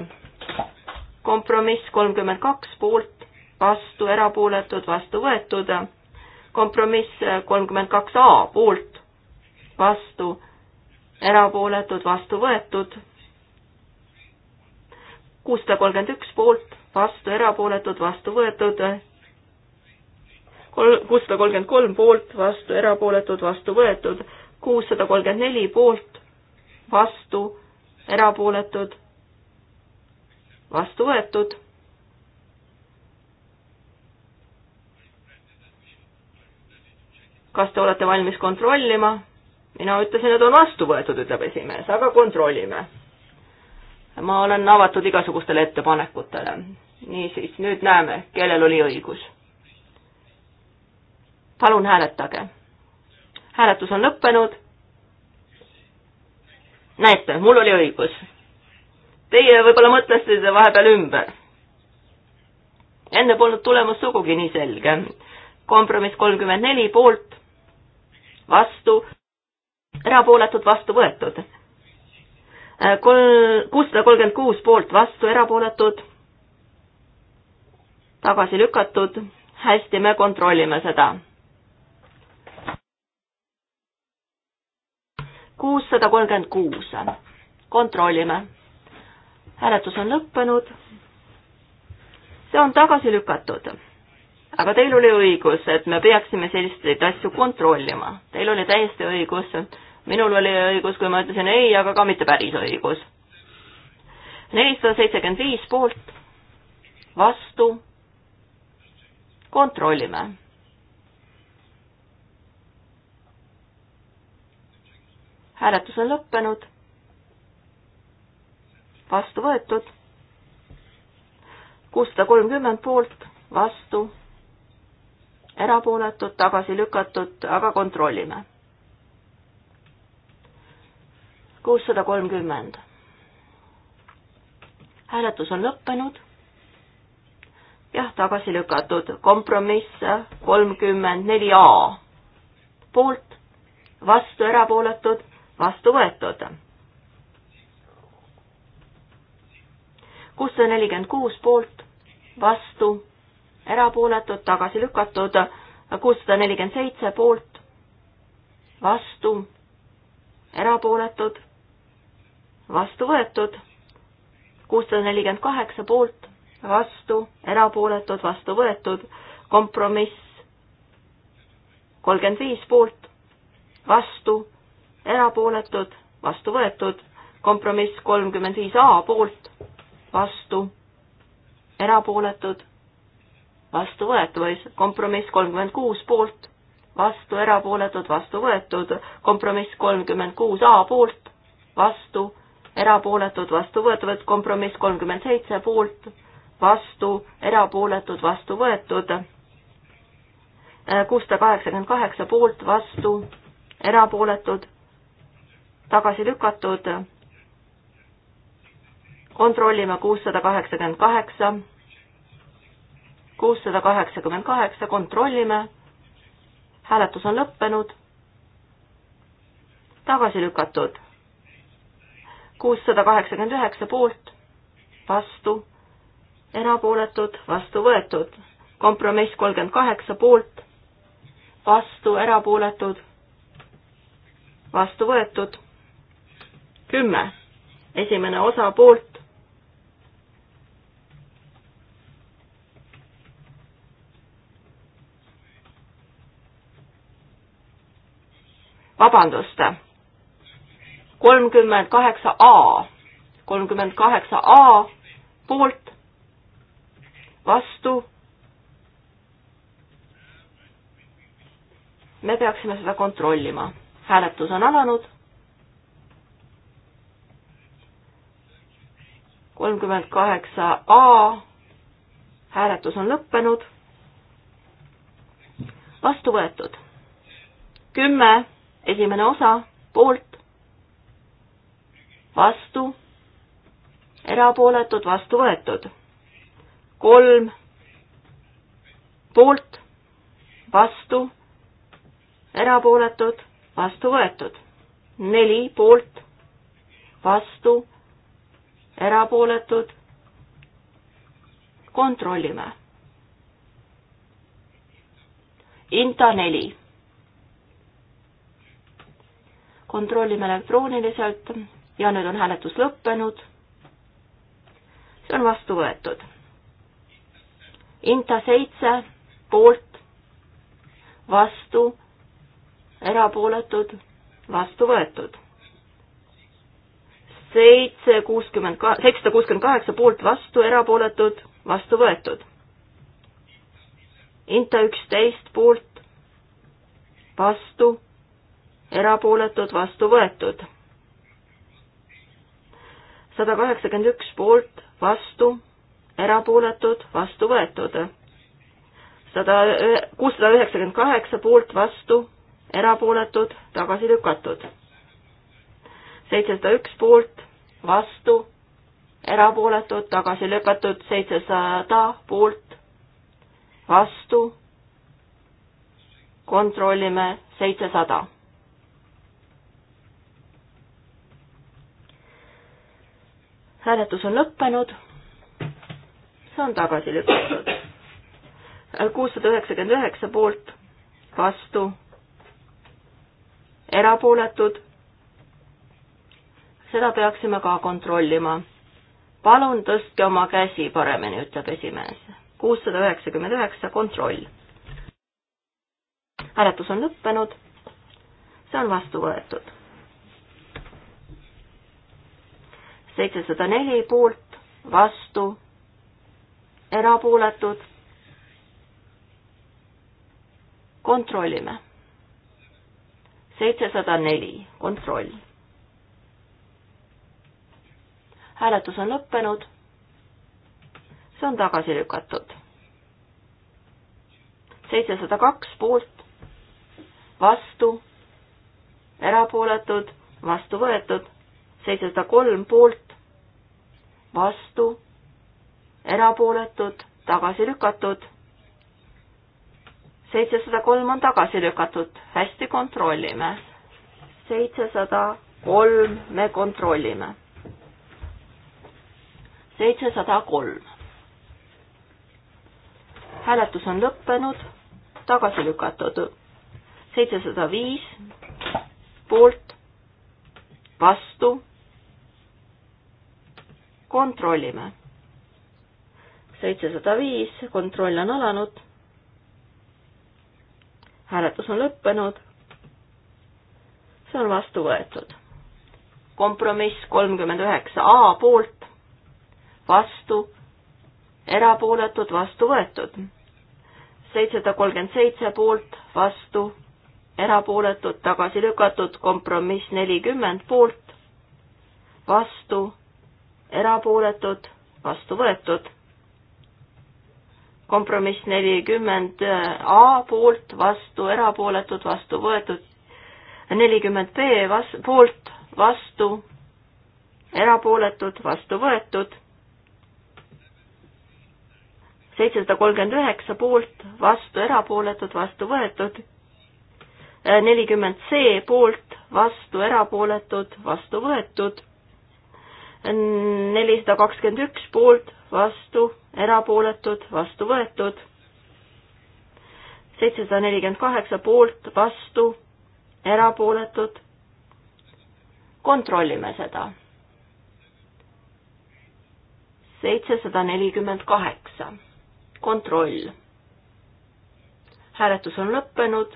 Speaker 2: kompromiss kolmkümmend kaks poolt, vastu erapooletud, vastu võetud. kompromiss kolmkümmend kaks A poolt, vastu erapooletud, vastu võetud. kuussada kolmkümmend üks poolt, vastu erapooletud, vastu võetud kuussada kolmkümmend kolm poolt, vastu erapooletud, vastu võetud, kuussada kolmkümmend neli poolt, vastu, erapooletud, vastu võetud. kas te olete valmis kontrollima? mina ütlesin, et on vastu võetud, ütleb esimees, aga kontrollime. ma olen avatud igasugustele ettepanekutele. niisiis, nüüd näeme, kellel oli õigus. palun hääletage hääletus on lõppenud. näete, mul oli õigus. Teie võib-olla mõtlesite vahepeal ümber. enne polnud tulemus sugugi nii selge. kompromiss kolmkümmend neli poolt, vastu, erapooletud, vastu võetud. Kol-, kuussada kolmkümmend kuus poolt, vastu, erapooletud, tagasi lükatud. hästi, me kontrollime seda kuussada kolmkümmend kuus. kontrollime. hääletus on lõppenud. see on tagasi lükatud. aga teil oli õigus, et me peaksime selliseid asju kontrollima. Teil oli täiesti õigus. minul oli õigus, kui ma ütlesin ei, aga ka mitte päris õigus. nelisada seitsekümmend viis poolt, vastu. kontrollime hääletus on lõppenud. vastu võetud. kuussada kolmkümmend poolt, vastu, erapooletud, tagasi lükatud, aga kontrollime. kuussada kolmkümmend. hääletus on lõppenud. jah, tagasi lükatud, kompromiss kolmkümmend neli A poolt, vastu erapooletud vastu võetud. kuussada nelikümmend kuus poolt, vastu, erapooletud, tagasi lükatud, kuussada nelikümmend seitse poolt, vastu, erapooletud, vastu võetud, kuussada nelikümmend kaheksa poolt, vastu, erapooletud, vastu võetud, kompromiss kolmkümmend viis poolt, vastu erapooletud, vastu võetud, kompromiss kolmkümmend viis A poolt, vastu, erapooletud, vastu võetud või kompromiss kolmkümmend kuus poolt, vastu, erapooletud, vastu võetud, kompromiss kolmkümmend kuus A poolt, vastu, erapooletud, vastu võetud, kompromiss kolmkümmend seitse poolt, vastu, erapooletud, vastu võetud, äh, kuussada kaheksakümmend kaheksa poolt, vastu, erapooletud tagasi lükatud. kontrollime kuussada kaheksakümmend kaheksa, kuussada kaheksakümmend kaheksa, kontrollime. hääletus on lõppenud. tagasi lükatud. kuussada kaheksakümmend üheksa poolt, vastu, erapooletud, vastu võetud. kompromiss kolmkümmend kaheksa poolt, vastu, erapooletud, vastu võetud kümme, esimene osa poolt. vabandust, kolmkümmend kaheksa A, kolmkümmend kaheksa A poolt, vastu me peaksime seda kontrollima. hääletus on alanud. kolmkümmend kaheksa A hääletus on lõppenud. vastu võetud. kümme, esimene osa, poolt, vastu, erapooletud, vastu võetud. kolm, poolt, vastu, erapooletud, vastu võetud. neli, poolt, vastu erapooletud, kontrollime. Inta neli. kontrollime elektrooniliselt ja nüüd on hääletus lõppenud. see on vastu võetud. Inta seitse poolt, vastu, erapooletud, vastu võetud seitse, kuuskümmend ka-, seitsesada kuuskümmend kaheksa poolt vastu, erapooletud, vastu võetud. Inta üksteist poolt vastu, erapooletud, vastu võetud. sada kaheksakümmend üks poolt vastu, erapooletud, vastu võetud. sada, kuussada üheksakümmend kaheksa poolt vastu, erapooletud, tagasi lükatud seitsesada üks poolt, vastu, erapooletud, tagasi lükatud, seitsesada poolt, vastu, kontrollime seitsesada. hääletus on lõppenud, see on tagasi lükatud. kuussada üheksakümmend üheksa poolt, vastu, erapooletud seda peaksime ka kontrollima. palun tõstke oma käsi paremini, ütleb esimees. kuussada üheksakümmend üheksa, kontroll. hääletus on lõppenud. see on vastu võetud. seitsesada neli poolt, vastu, erapooletud. kontrollime. seitsesada neli, kontroll hääletus on lõppenud. see on tagasi lükatud. seitsesada kaks poolt, vastu, erapooletud, vastu võetud, seitsesada kolm poolt, vastu, erapooletud, tagasi lükatud. seitsesada kolm on tagasi lükatud, hästi kontrollime. seitsesada kolm me kontrollime seitsesada kolm. hääletus on lõppenud, tagasi lükatud. seitsesada viis poolt, vastu. kontrollime. seitsesada viis, kontroll on alanud. hääletus on lõppenud. see on vastu võetud. kompromiss kolmkümmend üheksa A poolt vastu, erapooletud, vastu võetud. seitsesada kolmkümmend seitse poolt, vastu, erapooletud, tagasi lükatud, kompromiss nelikümmend poolt, vastu, erapooletud, vastu võetud. kompromiss nelikümmend äh, A poolt, vastu, erapooletud, vastu võetud, nelikümmend B vas-, poolt, vastu, erapooletud, vastu võetud seitsesada kolmkümmend üheksa poolt, vastu erapooletud, vastu võetud. nelikümmend C poolt, vastu erapooletud, vastu võetud. nelisada kakskümmend üks poolt, vastu erapooletud, vastu võetud. seitsesada nelikümmend kaheksa poolt, vastu erapooletud. kontrollime seda seitsesada nelikümmend kaheksa kontroll. hääletus on lõppenud.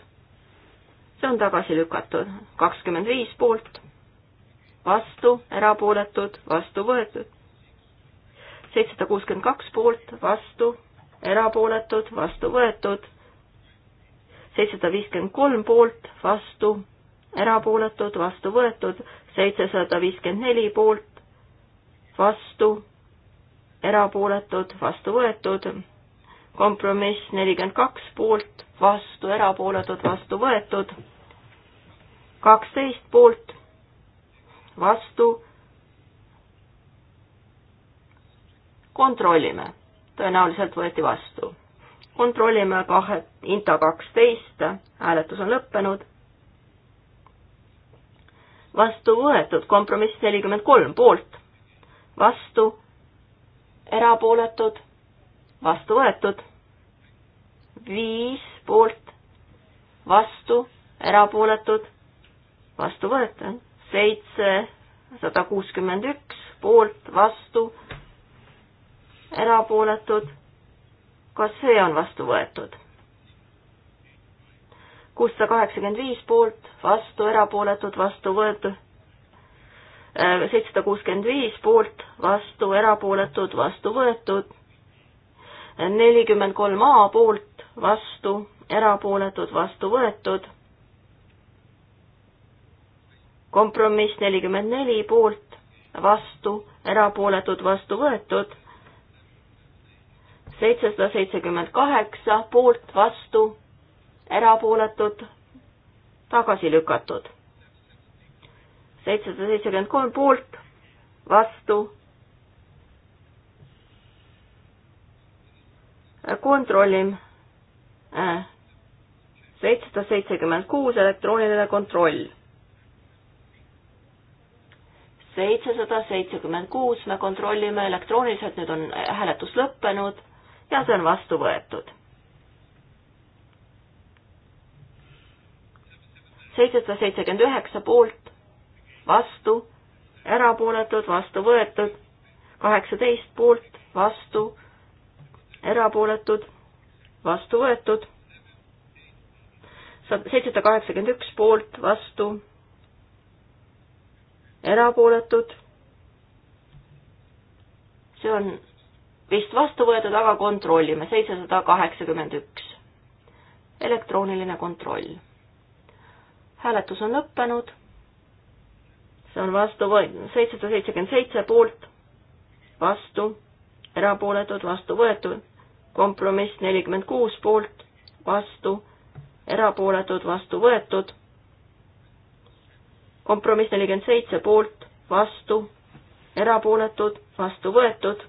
Speaker 2: see on tagasi lükatud. kakskümmend viis poolt, vastu, erapooletud, vastu võetud. seitsesada kuuskümmend kaks poolt, vastu, erapooletud, vastu võetud. seitsesada viiskümmend kolm poolt, vastu, erapooletud, vastu võetud. seitsesada viiskümmend neli poolt, vastu, erapooletud, vastu võetud kompromiss nelikümmend kaks poolt, vastu erapooletud, vastu võetud, kaksteist poolt, vastu. kontrollime, tõenäoliselt võeti vastu. kontrollime kahe, INTA kaksteist, hääletus on lõppenud. vastu võetud, kompromiss nelikümmend kolm poolt, vastu, erapooletud vastu võetud. viis poolt, vastu, erapooletud, vastu võetud. seitse, sada kuuskümmend üks poolt, vastu, erapooletud. kas see on vastu võetud? kuussada kaheksakümmend viis poolt, vastu, erapooletud, vastu võetud seitsesada kuuskümmend viis poolt, vastu erapooletud, vastu võetud nelikümmend kolm A poolt, vastu, erapooletud, vastu võetud. kompromiss nelikümmend neli poolt, vastu, erapooletud, vastu võetud. seitsesada seitsekümmend kaheksa poolt, vastu, erapooletud, tagasi lükatud. seitsesada seitsekümmend kolm poolt, vastu kontrollime. Äh. seitsesada seitsekümmend kuus elektrooniline kontroll. seitsesada seitsekümmend kuus, me kontrollime elektrooniliselt, nüüd on äh, hääletus lõppenud ja see on vastu võetud. seitsesada seitsekümmend üheksa poolt, vastu, erapooletud, vastu võetud, kaheksateist poolt, vastu, erapooletud, vastu võetud. seitsesada kaheksakümmend üks poolt, vastu, erapooletud. see on vist vastu võetud, aga kontrollime, seitsesada kaheksakümmend üks. elektrooniline kontroll. hääletus on lõppenud. see on vastu võetud, seitsesada seitsekümmend seitse poolt, vastu, erapooletud, vastu võetud kompromiss nelikümmend kuus poolt, vastu, erapooletud, vastu võetud. kompromiss nelikümmend seitse poolt, vastu, erapooletud, vastu võetud.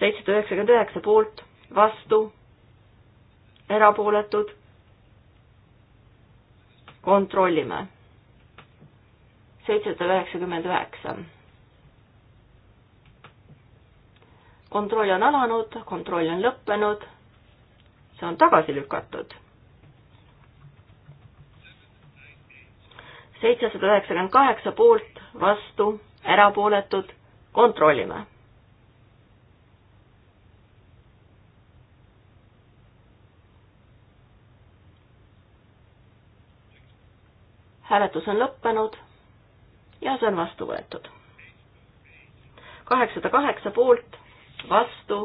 Speaker 2: seitsesada üheksakümmend üheksa poolt, vastu, erapooletud. kontrollime. seitsesada üheksakümmend üheksa kontroll on alanud, kontroll on lõppenud, see on tagasi lükatud. seitsesada üheksakümmend kaheksa poolt, vastu, erapooletud, kontrollime hääletus on lõppenud ja see on vastu võetud. kaheksasada kaheksa poolt, vastu,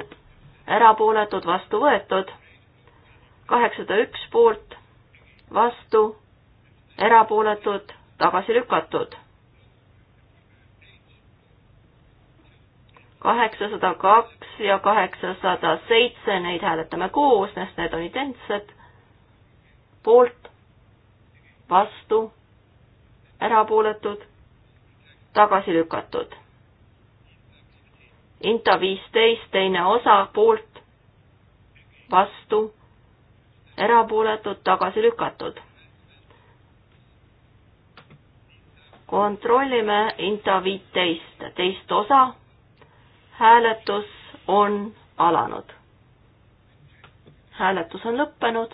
Speaker 2: erapooletud, vastu võetud. kaheksasada üks poolt, vastu, erapooletud, tagasi lükatud. kaheksasada kaks ja kaheksasada seitse, neid hääletame koos, sest need on identsed. poolt, vastu, erapooletud, tagasi lükatud Inta viisteist, teine osa, poolt, vastu, erapooletud, tagasi lükatud. kontrollime Inta viiteist, teist osa. hääletus on alanud. hääletus on lõppenud.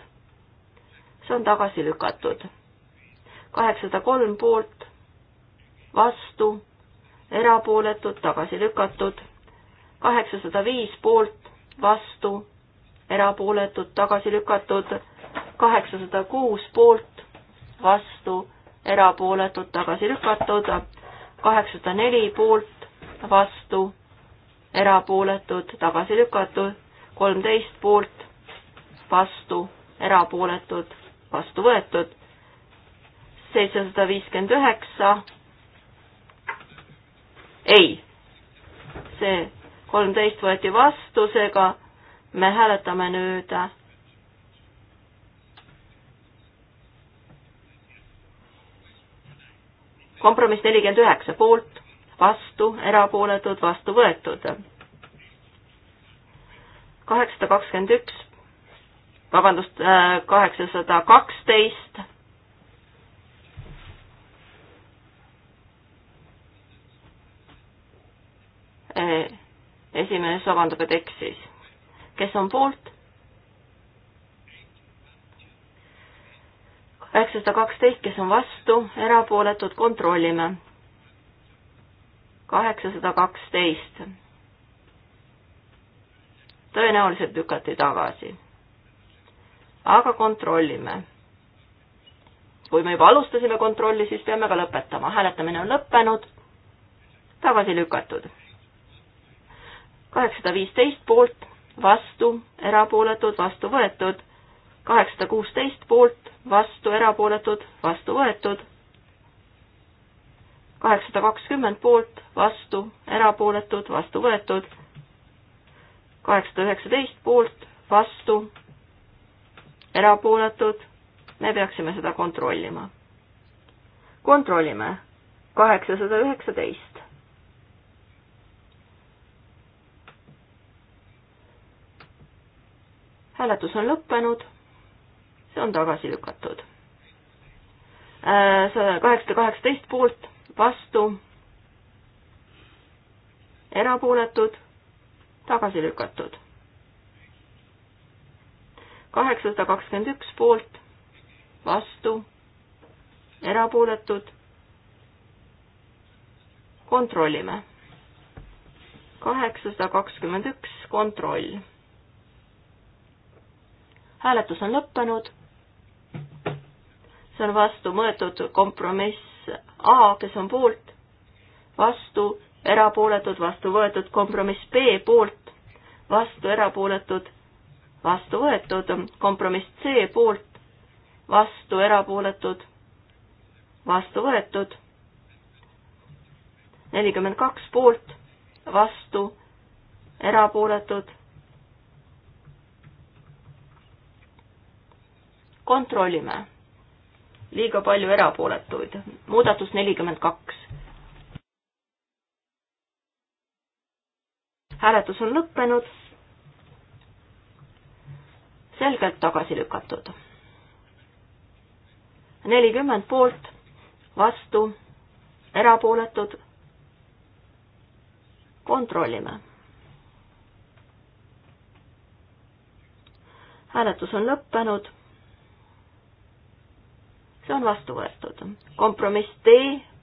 Speaker 2: see on tagasi lükatud. kaheksasada kolm poolt, vastu, erapooletud, tagasi lükatud kaheksasada viis poolt, vastu, erapooletud, tagasi lükatud, kaheksasada kuus poolt, vastu, erapooletud, tagasi lükatud, kaheksasada neli poolt, vastu, erapooletud, tagasi lükatud, kolmteist poolt, vastu, erapooletud, vastu võetud, seitsesada viiskümmend üheksa, ei, see kolmteist võeti vastu, seega me hääletame nüüd kompromiss nelikümmend üheksa poolt, vastu, erapooletud, vastu võetud. kaheksasada kakskümmend üks, vabandust, kaheksasada kaksteist. Eh esimees vabandab, et eksis. kes on poolt? üheksasada kaksteist, kes on vastu, erapooletud, kontrollime. kaheksasada kaksteist. tõenäoliselt lükati tagasi. aga kontrollime. kui me juba alustasime kontrolli, siis peame ka lõpetama. hääletamine on lõppenud, tagasi lükatud kaheksasada viisteist poolt, vastu, erapooletud, vastu võetud. kaheksasada kuusteist poolt, vastu, erapooletud, vastu võetud. kaheksasada kakskümmend poolt, vastu, erapooletud, vastu võetud. kaheksasada üheksateist poolt, vastu, erapooletud. me peaksime seda kontrollima. kontrollime. kaheksasada üheksateist. hääletus on lõppenud, see on tagasi lükatud. Äh, sada kaheksasada kaheksateist poolt, vastu, erapooletud, tagasi lükatud. kaheksasada kakskümmend üks poolt, vastu, erapooletud, kontrollime. kaheksasada kakskümmend üks, kontroll hääletus on lõppenud. see on vastu mõõdetud kompromiss A, kes on poolt, vastu, erapooletud, vastu võetud, kompromiss B poolt, vastu, erapooletud, vastu võetud, kompromiss C poolt, vastu, erapooletud, vastu võetud, nelikümmend kaks poolt, vastu, erapooletud kontrollime. liiga palju erapooletuid. muudatus nelikümmend kaks. hääletus on lõppenud. selgelt tagasi lükatud. nelikümmend poolt, vastu, erapooletud. kontrollime hääletus on lõppenud see on vastu võetud. kompromiss D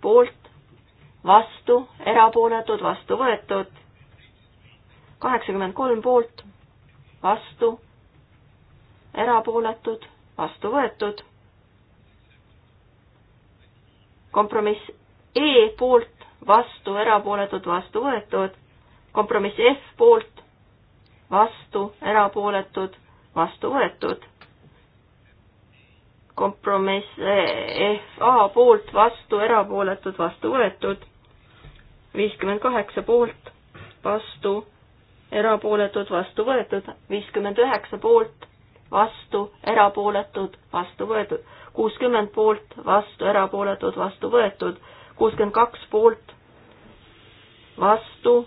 Speaker 2: poolt, vastu, erapooletud, vastu võetud. kaheksakümmend kolm poolt, vastu, erapooletud, vastu võetud. kompromiss E poolt, vastu, erapooletud, vastu võetud. kompromiss F poolt, vastu, erapooletud, vastu võetud kompromiss eh, FA poolt vastu, erapooletud vastu võetud. viiskümmend kaheksa poolt vastu, erapooletud vastu võetud. viiskümmend üheksa poolt vastu, erapooletud vastu võetud. kuuskümmend poolt vastu, erapooletud vastu võetud. kuuskümmend kaks poolt vastu,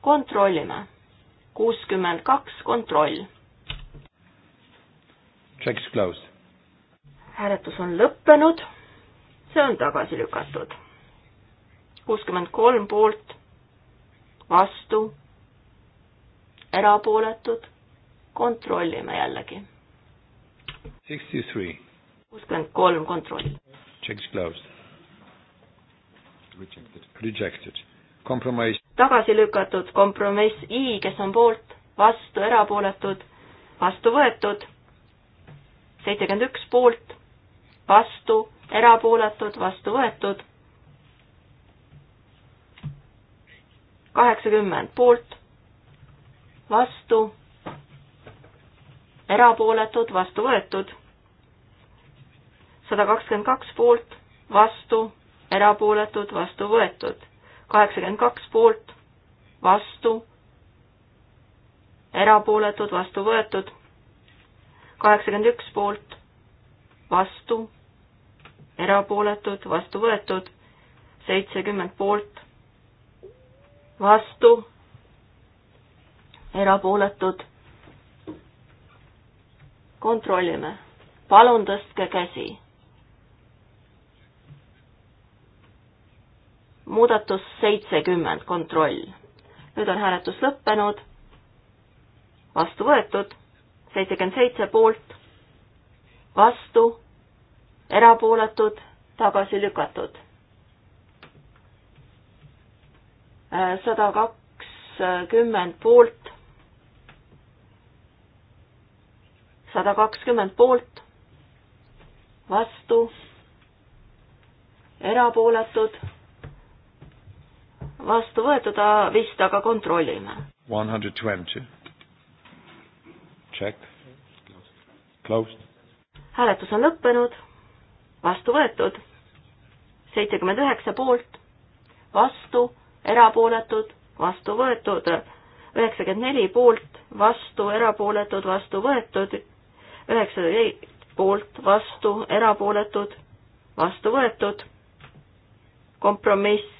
Speaker 2: kontrollime kuuskümmend kaks, kontroll. Check is closed. hääletus on lõppenud, see on tagasi lükatud. kuuskümmend kolm poolt, vastu, erapooletud, kontrollime jällegi.
Speaker 1: Sixty three.
Speaker 2: kuuskümmend kolm, kontroll.
Speaker 1: Check is closed. Rejected. Rejected. Compromise
Speaker 2: tagasi lükatud, kompromiss I, kes on poolt, vastu, erapooletud, vastu võetud, seitsekümmend üks poolt, vastu, erapooletud, vastu võetud, kaheksakümmend poolt, vastu, erapooletud, vastu võetud, sada kakskümmend kaks poolt, vastu, erapooletud, vastu võetud kaheksakümmend kaks poolt, vastu, erapooletud, vastu võetud, kaheksakümmend üks poolt, vastu, erapooletud, vastu võetud, seitsekümmend poolt, vastu, erapooletud. kontrollime, palun tõstke käsi muudatus seitsekümmend, kontroll. nüüd on hääletus lõppenud, vastu võetud, seitsekümmend seitse poolt, vastu, erapooletud, tagasi lükatud. Äh, sada kakskümmend poolt, sada kakskümmend poolt, vastu, erapooletud vastu võetud vist, aga kontrollime.
Speaker 1: One hundred twenty. Check. Closed.
Speaker 2: hääletus on lõppenud, vastu võetud, seitsekümmend üheksa poolt, vastu, erapooletud, vastu võetud, üheksakümmend neli poolt, vastu, erapooletud, vastu võetud, üheksakümmend poolt, vastu, erapooletud, vastu võetud, kompromiss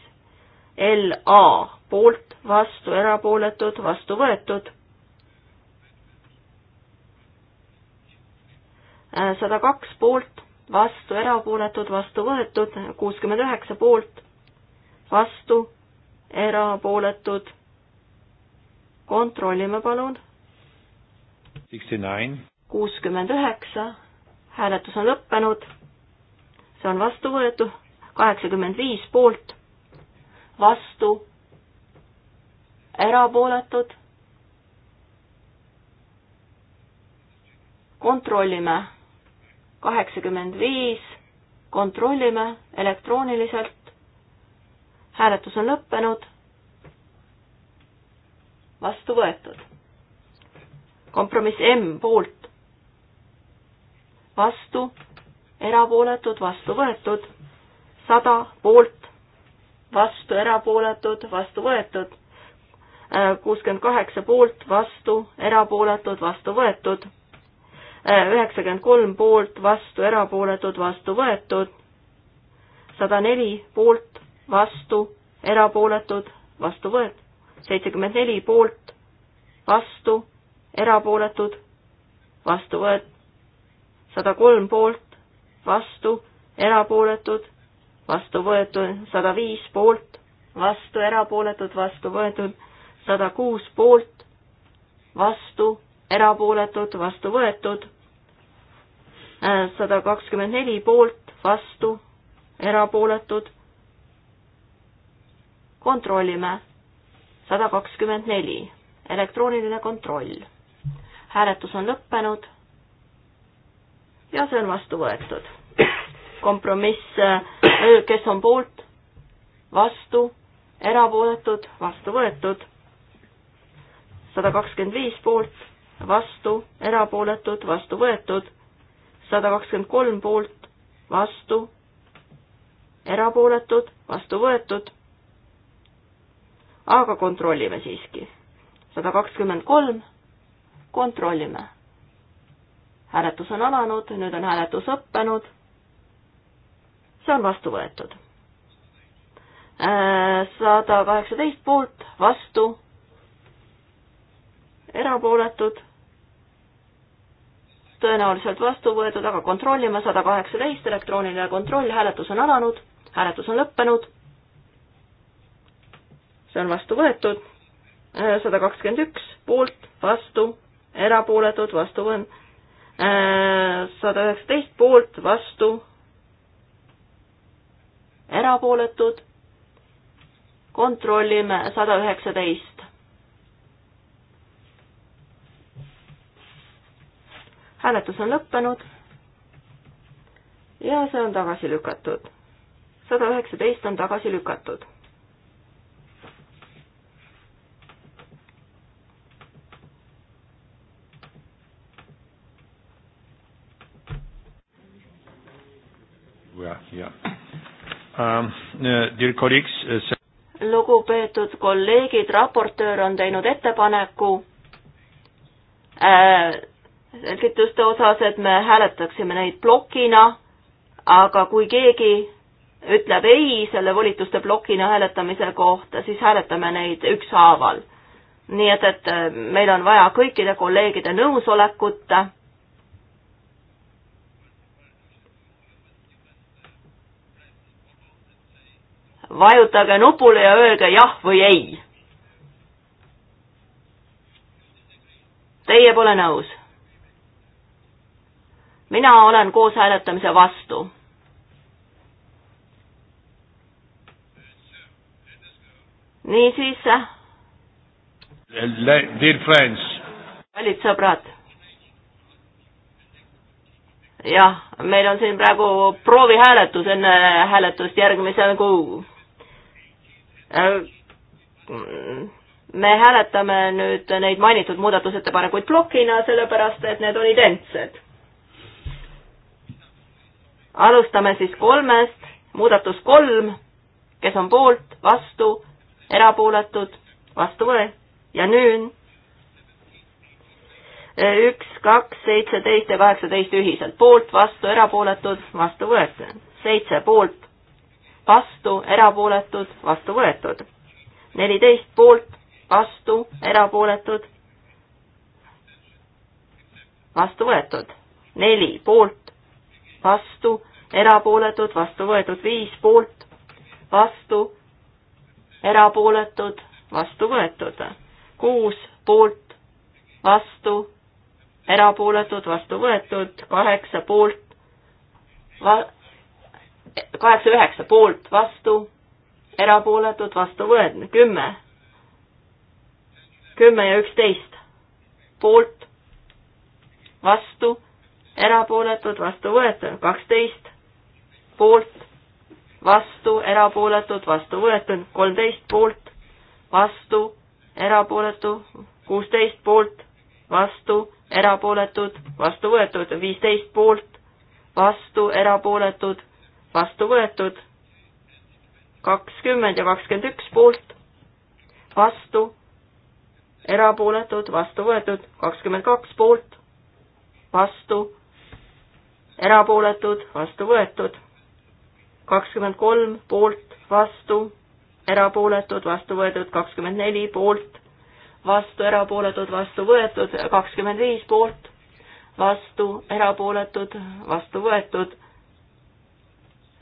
Speaker 2: LA poolt, vastu, erapooletud, vastu võetud. Äh, sada kaks poolt, vastu, erapooletud, vastu võetud, kuuskümmend üheksa poolt, vastu, erapooletud. kontrollime palun. kuuskümmend üheksa, hääletus on lõppenud, see on vastu võetud, kaheksakümmend viis poolt vastu, erapooletud. kontrollime, kaheksakümmend viis, kontrollime elektrooniliselt. hääletus on lõppenud, vastu võetud. kompromiss M poolt, vastu, erapooletud, vastu võetud, sada poolt vastu erapooletud, vastu võetud. Äh, kuuskümmend kaheksa poolt, vastu erapooletud, vastu võetud. Äh, üheksakümmend kolm poolt, vastu erapooletud, vastu võetud. sada neli poolt, vastu erapooletud, vastu võetud. seitsekümmend neli poolt, vastu erapooletud, vastu võetud. sada kolm poolt, vastu erapooletud vastu võetud, sada viis poolt, vastu erapooletud, vastu võetud, sada kuus poolt, vastu erapooletud, vastu võetud, äh, sada kakskümmend neli poolt, vastu erapooletud. kontrollime, sada kakskümmend neli, elektrooniline kontroll. hääletus on lõppenud ja see on vastu võetud. kompromiss äh, kes on poolt, vastu, erapooletud, vastu võetud. sada kakskümmend viis poolt, vastu, erapooletud, vastu võetud. sada kakskümmend kolm poolt, vastu, erapooletud, vastu võetud. aga kontrollime siiski. sada kakskümmend kolm, kontrollime. hääletus on alanud, nüüd on hääletus õppenud see on vastu võetud. Äh, sada kaheksateist poolt, vastu, erapooletud, tõenäoliselt vastu võetud, aga kontrollime, sada kaheksateist, elektrooniline kontroll, hääletus on alanud, hääletus on lõppenud, see on vastu võetud, äh, sada kakskümmend üks poolt, vastu, erapooletud, vastu võetud, äh, sada üheksateist poolt, vastu, erapooletud, kontrollime sada üheksateist. hääletus on lõppenud ja see on tagasi lükatud. sada üheksateist on tagasi lükatud
Speaker 1: ja, ja Um, uh, uh,
Speaker 2: lugupeetud kolleegid, raportöör on teinud ettepaneku äh, selgituste osas, et me hääletaksime neid plokina, aga kui keegi ütleb ei selle volituste plokina hääletamise kohta, siis hääletame neid ükshaaval. nii et, et äh, meil on vaja kõikide kolleegide nõusolekut vajutage nupule ja öelge jah või ei.
Speaker 1: Teie pole nõus.
Speaker 2: mina olen koos hääletamise vastu. niisiis. Äh, kallid sõbrad jah, meil on siin praegu proovihääletus enne hääletust järgmise kuu Äh, me hääletame nüüd neid mainitud muudatusettepanekuid plokina, sellepärast et need on identsed. alustame siis kolmest, muudatus kolm, kes on poolt, vastu, erapooletud, vastu võetud ja nüüd üks, kaks, seitseteist ja kaheksateist ühiselt, poolt, vastu, erapooletud, vastu võetud, seitse poolt, vastu, erapooletud, vastu võetud. neliteist poolt, vastu, erapooletud, vastu võetud. neli poolt, vastu, erapooletud, vastu võetud. viis poolt, vastu, erapooletud, vastu võetud. kuus poolt, vastu, erapooletud, vastu võetud. kaheksa poolt, kaheksa, üheksa poolt, vastu, erapooletud, vastu võetud, kümme, kümme ja üksteist poolt, vastu, erapooletud, vastu võetud, kaksteist poolt, vastu, erapooletud, vastu võetud, kolmteist poolt, vastu, erapooletu, kuusteist poolt, vastu, erapooletud, vastu võetud, viisteist poolt, vastu, erapooletud vastu võetud, kakskümmend ja kakskümmend üks poolt, vastu, erapooletud, vastu võetud, kakskümmend kaks poolt, vastu, erapooletud, vastu võetud, kakskümmend kolm poolt, vastu, erapooletud, vastu võetud, kakskümmend neli poolt, vastu, erapooletud, vastu võetud, kakskümmend viis poolt, vastu, erapooletud, vastu võetud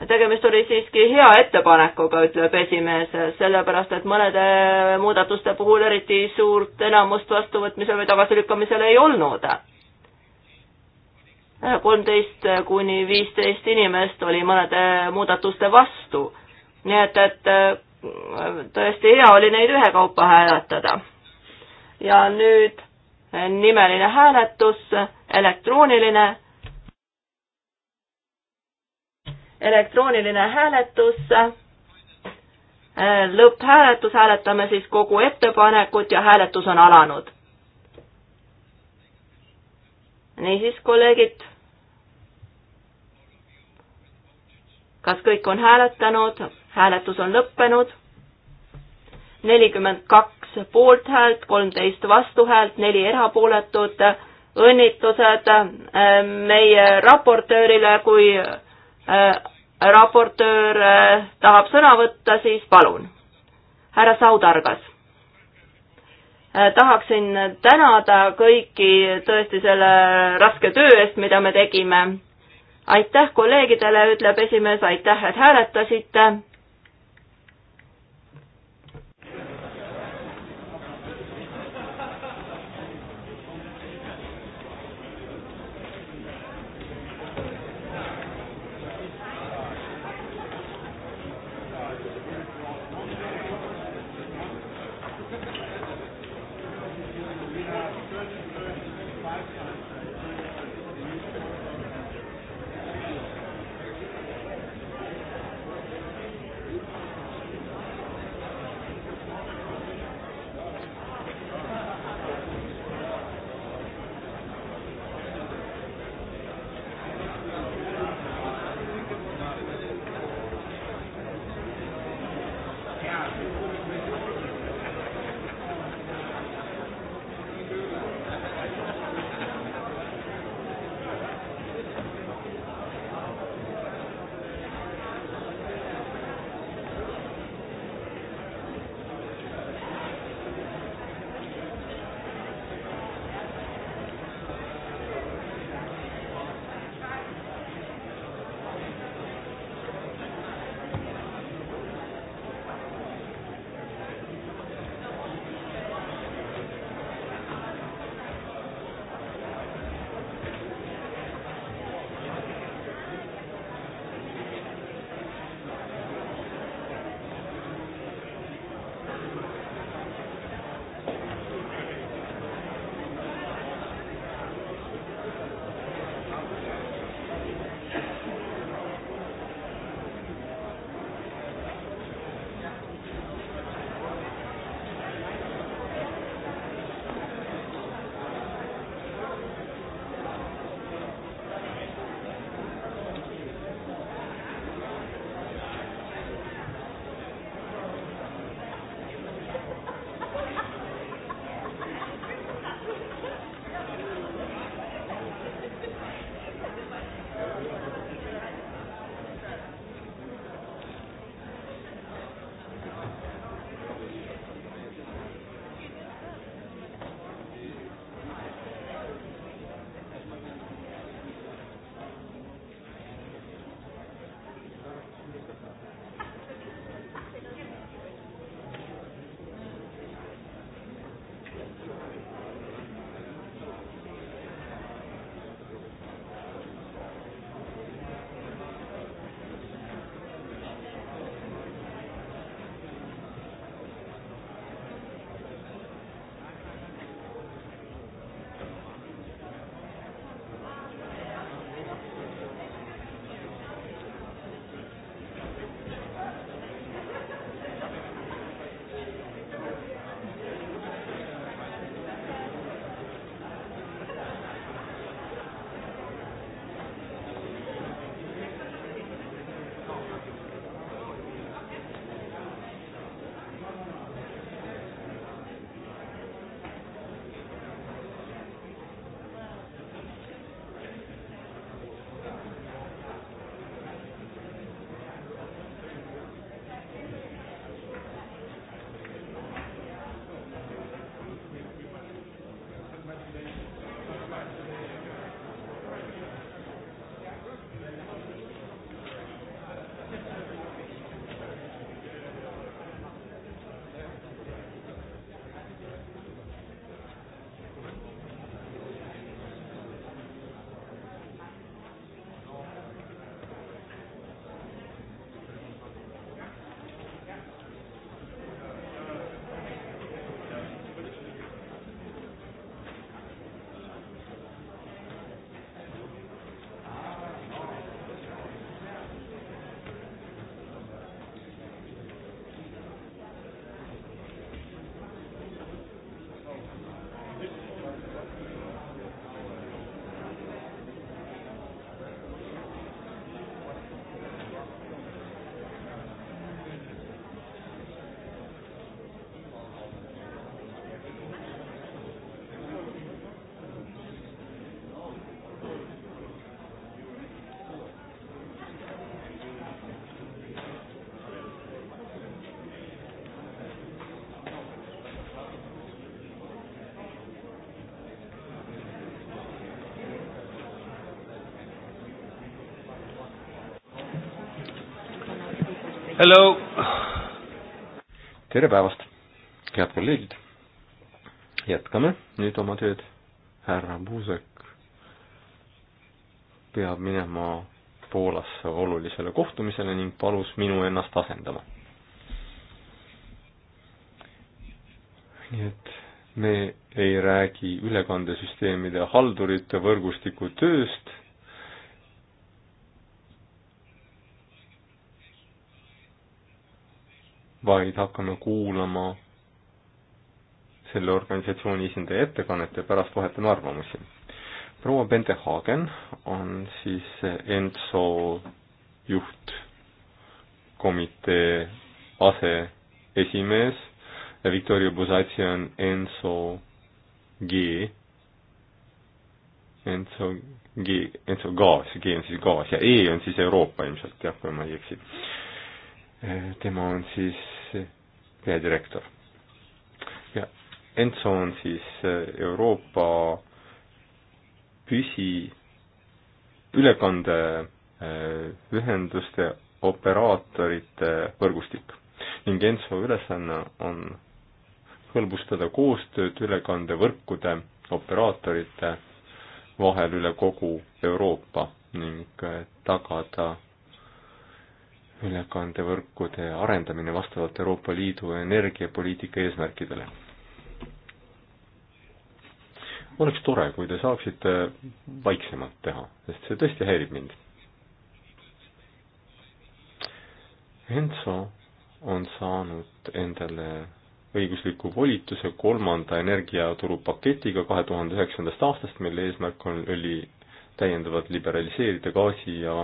Speaker 2: tegemist oli siiski hea ettepanekuga, ütleb esimees, sellepärast et mõnede muudatuste puhul eriti suurt enamust vastuvõtmisel või tagasilükkamisel ei olnud. kolmteist kuni viisteist inimest oli mõnede muudatuste vastu, nii et, et äh, tõesti hea oli neid ühekaupa hääletada. ja nüüd nimeline hääletus, elektrooniline elektrooniline hääletus. Äh, lõpphääletus, hääletame siis kogu ettepanekut ja hääletus on alanud. niisiis, kolleegid. kas kõik on hääletanud? hääletus on lõppenud. nelikümmend kaks poolthäält, kolmteist vastuhäält, neli erapooletut. õnnitlused äh, meie raportöörile kui äh, raportöör äh, tahab sõna võtta, siis palun. härra Saudargas. Äh, tahaksin tänada kõiki tõesti selle raske töö eest, mida me tegime. aitäh kolleegidele, ütleb esimees, aitäh, et hääletasite
Speaker 1: Hello.
Speaker 3: tere päevast, head kolleegid. jätkame nüüd oma tööd. härra Puusek peab minema Poolasse olulisele kohtumisele ning palus minu ennast asendama. nii et me ei räägi ülekandesüsteemide haldurite võrgustiku tööst vaid hakkame kuulama selle organisatsiooni esindaja ettekannet ja pärast vahetame arvamusi. proua Bente Hagen on siis ENTSO juhtkomitee aseesimees ja Victoria Busatsi on ENTSO G, ENTSO G, ENTSO gaas, G on siis gaas ja E on siis Euroopa ilmselt jah, kui ma ei eksi Eh, tema on siis eh, peadirektor. ja Enso on siis eh, Euroopa püsi, ülekandeühenduste operaatorite võrgustik ning Enso ülesanne on hõlbustada koostööd ülekandevõrkude operaatorite vahel üle kogu Euroopa ning tagada ülekandevõrkude arendamine vastavalt Euroopa Liidu energiapoliitika eesmärkidele. oleks tore, kui te saaksite vaiksemalt teha, sest see tõesti häirib mind. Enso on saanud endale õigusliku volituse kolmanda energiaturupaketiga kahe tuhande üheksandast aastast, mille eesmärk on, oli täiendavalt liberaliseerida gaasi ja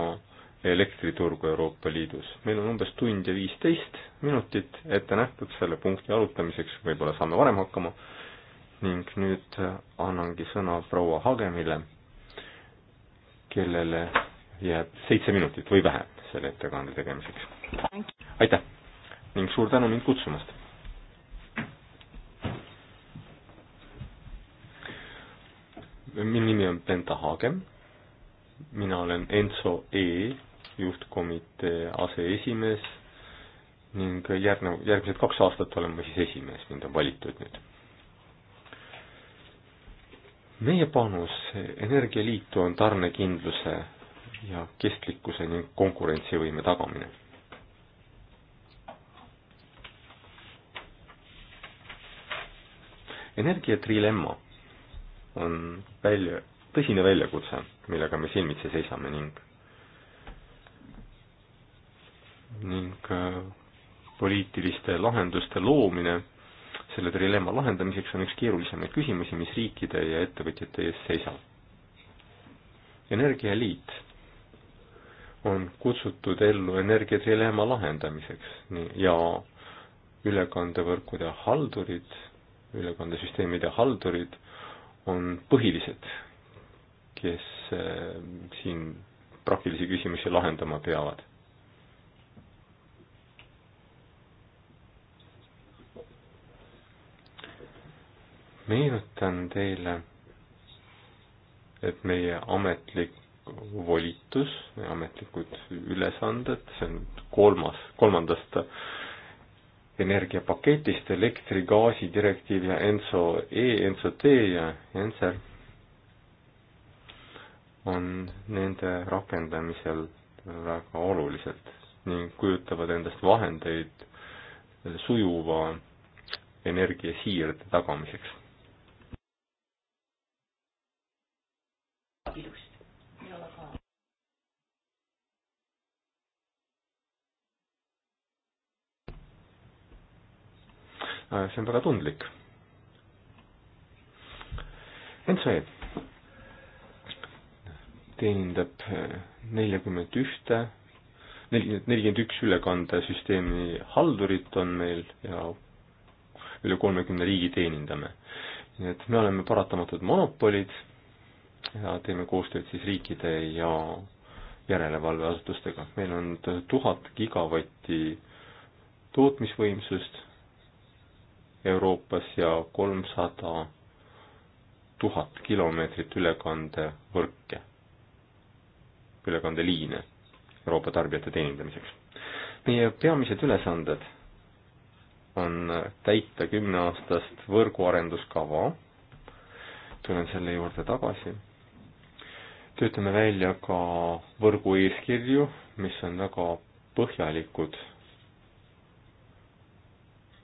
Speaker 3: elektriturgu Euroopa Liidus. meil on umbes tund ja viisteist minutit ette nähtud selle punkti arutamiseks, võib-olla saame varem hakkama, ning nüüd annangi sõna proua Hagemile, kellele jääb seitse minutit või vähem selle ettekande tegemiseks. aitäh ning suur tänu mind kutsumast! minu nimi on Penta Hagem mina olen Enso E juhtkomitee aseesimees ning järgnev, järgmised kaks aastat olen ma siis esimees, mind on valitud nüüd. meie panus Energialiitu on tarnekindluse ja kestlikkuse ning konkurentsivõime tagamine. energia trilemma on välja, tõsine väljakutse, millega me silmitsi seisame ning ning äh, poliitiliste lahenduste loomine selle trilemma lahendamiseks on üks keerulisemaid küsimusi, mis riikide ja ettevõtjate ees seisab. energialiit on kutsutud ellu energiatrilemma lahendamiseks ja ülekandevõrkude haldurid, ülekandesüsteemide haldurid on põhilised, kes äh, siin praktilisi küsimusi lahendama peavad meenutan teile, et meie ametlik volitus, ametlikud ülesanded, see on kolmas, kolmandast energiapaketist elektri, gaasi direktiiv ja ENSO E, ENSO T ja ENSER on nende rakendamisel väga olulised ning kujutavad endast vahendeid sujuva energiasiirde tagamiseks Äh, see on väga tundlik. ent see teenindab äh, neljakümmet ühte, nelikümmend üks ülekandesüsteemi haldurit on meil ja üle kolmekümne riigi teenindame. nii et me oleme paratamatud monopolid ja teeme koostööd siis riikide ja järelevalveasutustega. meil on tuhat gigavatti tootmisvõimsust Euroopas ja kolmsada tuhat kilomeetrit ülekandevõrke, ülekandeliine Euroopa tarbijate teenindamiseks. meie peamised ülesanded on täita kümneaastast võrguarenduskava, tulen selle juurde tagasi, töötame välja ka võrgueeskirju, mis on väga põhjalikud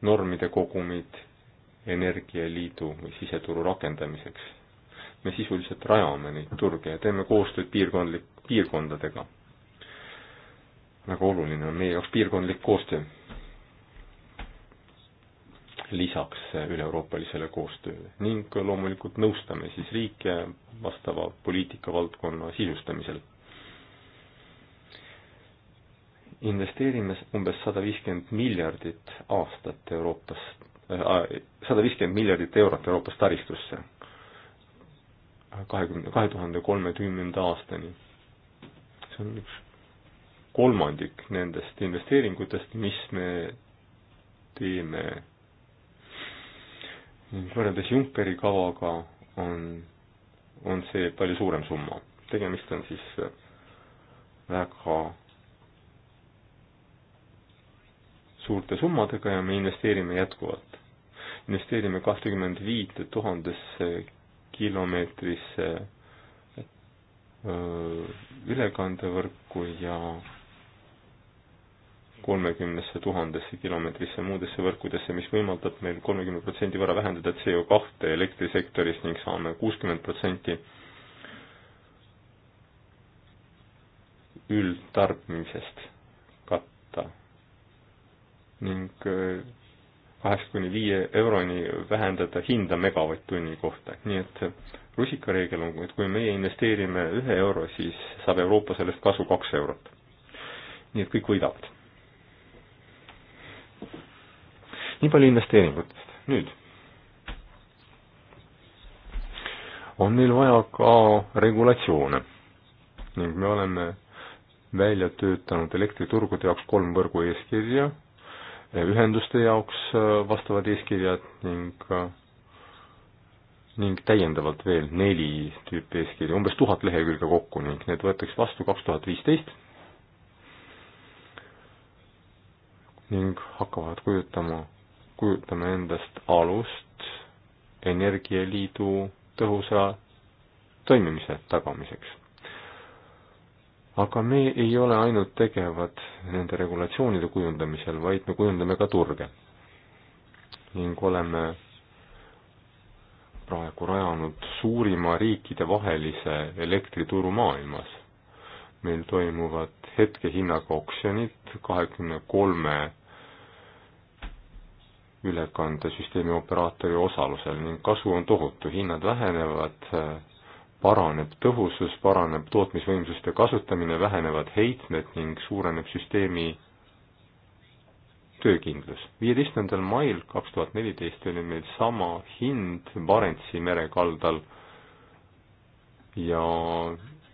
Speaker 3: normide kogumid energialiidu või siseturu rakendamiseks. me sisuliselt rajame neid turge ja teeme koostööd piirkondlik, piirkondadega. väga oluline on meie jaoks piirkondlik koostöö. lisaks üle-euroopalisele koostööle ning loomulikult nõustame siis riike vastava poliitikavaldkonna sisustamisel investeerime umbes sada viiskümmend miljardit aastat Euroopas, äh, sada viiskümmend miljardit eurot Euroopas taristusse kahekümne, kahe tuhande kolmekümnenda aastani. see on üks kolmandik nendest investeeringutest, mis me teeme. võrreldes Junckeri kavaga on, on see palju suurem summa. tegemist on siis väga suurte summadega ja me investeerime jätkuvalt. investeerime kahtekümmend viite tuhandesse kilomeetrisse ülekandevõrku ja kolmekümnesse tuhandesse kilomeetrisse muudesse võrkudesse, mis võimaldab meil kolmekümne protsendi võrra vähendada CO kahte elektrisektoris ning saame kuuskümmend protsenti üldtarbimisest katta ning äh, kahest kuni viie euroni vähendada hinda megavatt-tunni kohta, nii et rusikareegel on, et kui meie investeerime ühe euro, siis saab Euroopa sellest kasu kaks eurot. nii et kõik võidavad. nii palju investeeringutest, nüüd. on meil vaja ka regulatsioone ning me oleme välja töötanud elektriturgude jaoks kolm võrgu eeskirja ühenduste jaoks äh, vastavad eeskirjad ning äh, ning täiendavalt veel neli tüüpi eeskirja, umbes tuhat lehekülge kokku ning need võetakse vastu kaks tuhat viisteist ning hakkavad kujutama, kujutama endast alust energialiidu tõhusa toimimise tagamiseks aga me ei ole ainult tegevad nende regulatsioonide kujundamisel, vaid me kujundame ka turge. ning oleme praegu rajanud suurima riikidevahelise elektrituru maailmas. meil toimuvad hetkehinnaga oksjonid kahekümne kolme ülekandesüsteemi operaatori osalusel ning kasu on tohutu, hinnad vähenevad paraneb tõhusus, paraneb tootmisvõimsuste kasutamine, vähenevad heitmed ning suureneb süsteemi töökindlus. viieteistkümnendal mail kaks tuhat neliteist oli meil sama hind Barentsi mere kaldal ja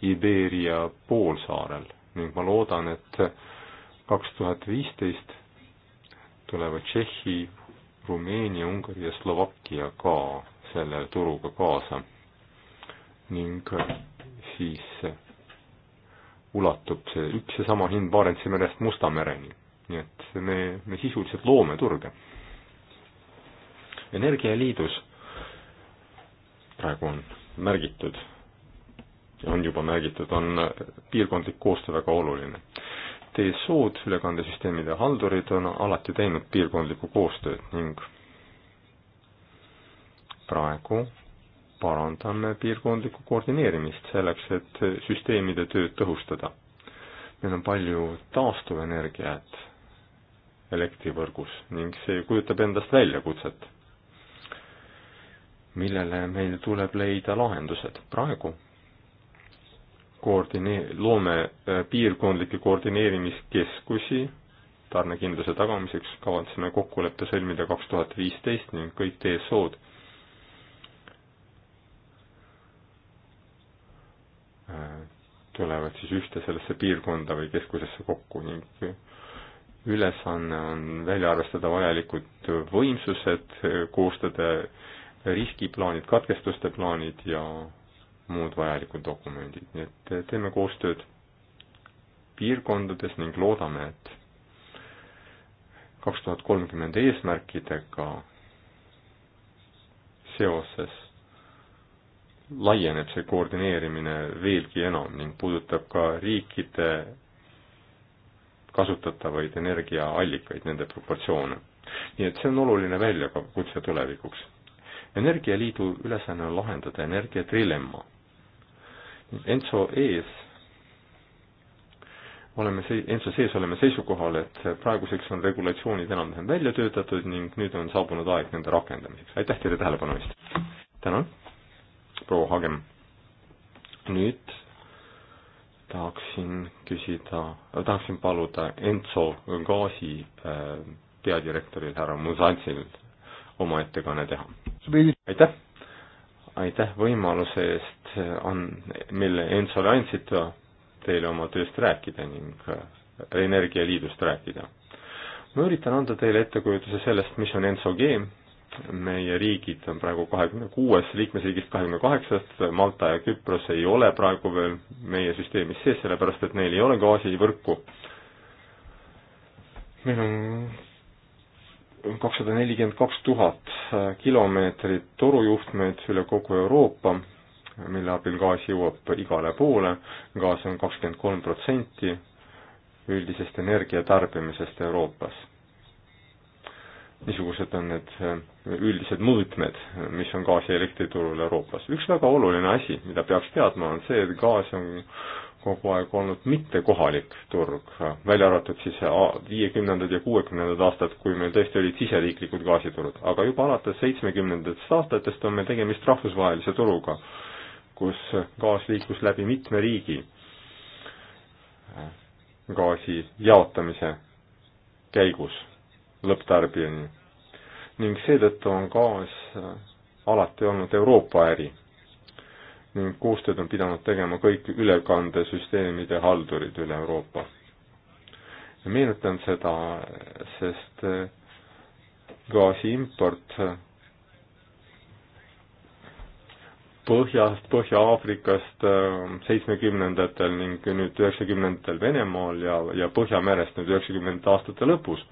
Speaker 3: Iberia poolsaarel ning ma loodan, et kaks tuhat viisteist tulevad Tšehhi, Rumeenia, Ungari ja Slovakkia ka selle turuga kaasa ning äh, siis äh, ulatub see üks ja sama hind Barentsi merest Musta mereni. nii et me, me sisuliselt loome turge. energialiidus praegu on märgitud ja on juba märgitud, on äh, piirkondlik koostöö väga oluline. TSO-d, ülekandesüsteemide haldurid on alati teinud piirkondlikku koostööd ning praegu parandame piirkondlikku koordineerimist selleks, et süsteemide tööd tõhustada. meil on palju taastuvenergiat elektrivõrgus ning see kujutab endast väljakutset, millele meil tuleb leida lahendused. praegu koordinee-, loome äh, piirkondlikke koordineerimiskeskusi tarnekindluse tagamiseks, kavatseme kokkuleppe sõlmida kaks tuhat viisteist ning kõik TSO-d tulevad siis ühte sellesse piirkonda või keskusesse kokku ning ülesanne on välja arvestada vajalikud võimsused, koostada riskiplaanid, katkestuste plaanid ja muud vajalikud dokumendid, nii et teeme koostööd piirkondades ning loodame, et kaks tuhat kolmkümmend eesmärkidega seoses laieneb see koordineerimine veelgi enam ning puudutab ka riikide kasutatavaid energiaallikaid, nende proportsioone. nii et see on oluline väljakutse tulevikuks. energialiidu ülesanne on lahendada energiatrilemma. Enso ees oleme see, ENSO sees oleme seisukohal, et praeguseks on regulatsioonid enam-vähem välja töötatud ning nüüd on saabunud aeg nende rakendamiseks. aitäh teile tähelepanu eest! tänan! proua Hagem. nüüd tahaksin küsida, tahaksin paluda Enso Gaasi äh, peadirektoril härra Musadžil oma ettekanne teha. aitäh! aitäh võimaluse eest, on, äh, mille Ensole andsite teile oma tööst rääkida ning äh, Energialiidust rääkida. ma üritan anda teile ettekujutuse sellest, mis on Enso G meie riigid on praegu kahekümne kuues liikmesriigist kahekümne kaheksast, Malta ja Küpros ei ole praegu veel meie süsteemis sees, sellepärast et neil ei ole gaasivõrku. meil on kakssada nelikümmend kaks tuhat kilomeetrit torujuhtmeid üle kogu Euroopa, mille abil gaas jõuab igale poole, gaas on kakskümmend kolm protsenti üldisest energiatarbimisest Euroopas niisugused on need äh, üldised mõõtmed, äh, mis on gaasi ja elektriturul Euroopas. üks väga oluline asi, mida peaks teadma, on see, et gaas on kogu aeg olnud mittekohalik turg, äh, välja arvatud siis viiekümnendad ja kuuekümnendad aastad, kui meil tõesti olid siseriiklikud gaasiturud, aga juba alates seitsmekümnendatest aastatest on meil tegemist rahvusvahelise turuga, kus gaas liikus läbi mitme riigi gaasi jaotamise käigus lõpptarbijani. ning seetõttu on gaas äh, alati olnud Euroopa äri ning koostööd on pidanud tegema kõik ülekandesüsteemide haldurid üle Euroopa. meenutan seda, sest äh, gaasi import äh, põhjast, Põhja-Aafrikast seitsmekümnendatel ning nüüd üheksakümnendatel Venemaal ja, ja Põhjamerest nüüd üheksakümnendate aastate lõpus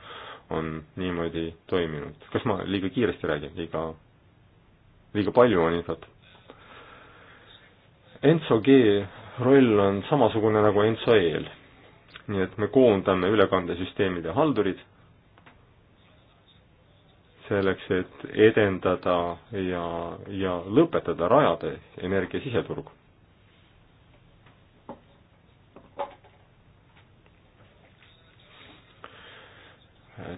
Speaker 3: on niimoodi toiminud. kas ma liiga kiiresti räägin, liiga, liiga palju on infot? Enso G roll on samasugune nagu Enso E-l. nii et me koondame ülekandesüsteemide haldurid selleks, et edendada ja, ja lõpetada rajade energia siseturg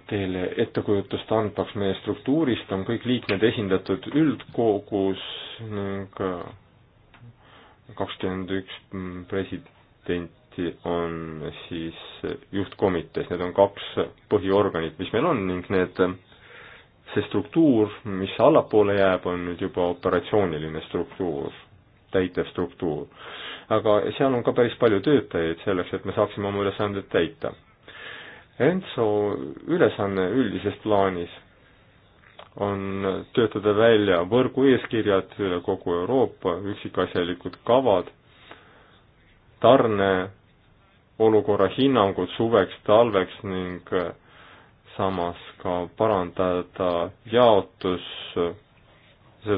Speaker 3: teile ettekujutust andmaks meie struktuurist, on kõik liikmed esindatud üldkogus ning äh, kakskümmend üks presidenti on siis juhtkomitees, need on kaks põhiorganit, mis meil on ning need, see struktuur, mis allapoole jääb, on nüüd juba operatsiooniline struktuur, täitev struktuur. aga seal on ka päris palju töötajaid selleks, et me saaksime oma ülesanded täita ENTSO ülesanne üldises plaanis on töötada välja võrgu eeskirjad üle kogu Euroopa, üksikasjalikud kavad, tarne olukorra hinnangud suveks, talveks ning samas ka parandada jaotuse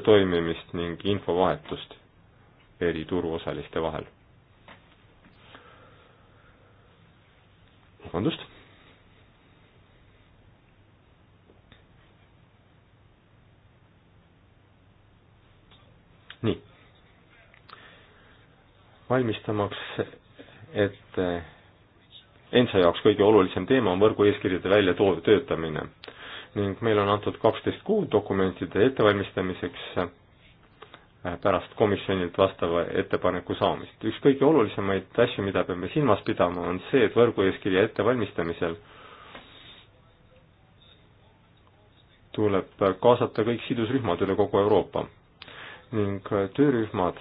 Speaker 3: toimimist ning infovahetust eri turuosaliste vahel. vabandust nii. valmistamaks ette eh, ENSA jaoks kõige olulisem teema on võrgueeskirjade väljatöötamine ning meile on antud kaksteist kuud dokumentide ettevalmistamiseks eh, pärast komisjonilt vastava ettepaneku saamist. üks kõige olulisemaid asju, mida peame silmas pidama, on see, et võrgueeskirja ettevalmistamisel tuleb kaasata kõik sidusrühmad üle kogu Euroopa ning töörühmad,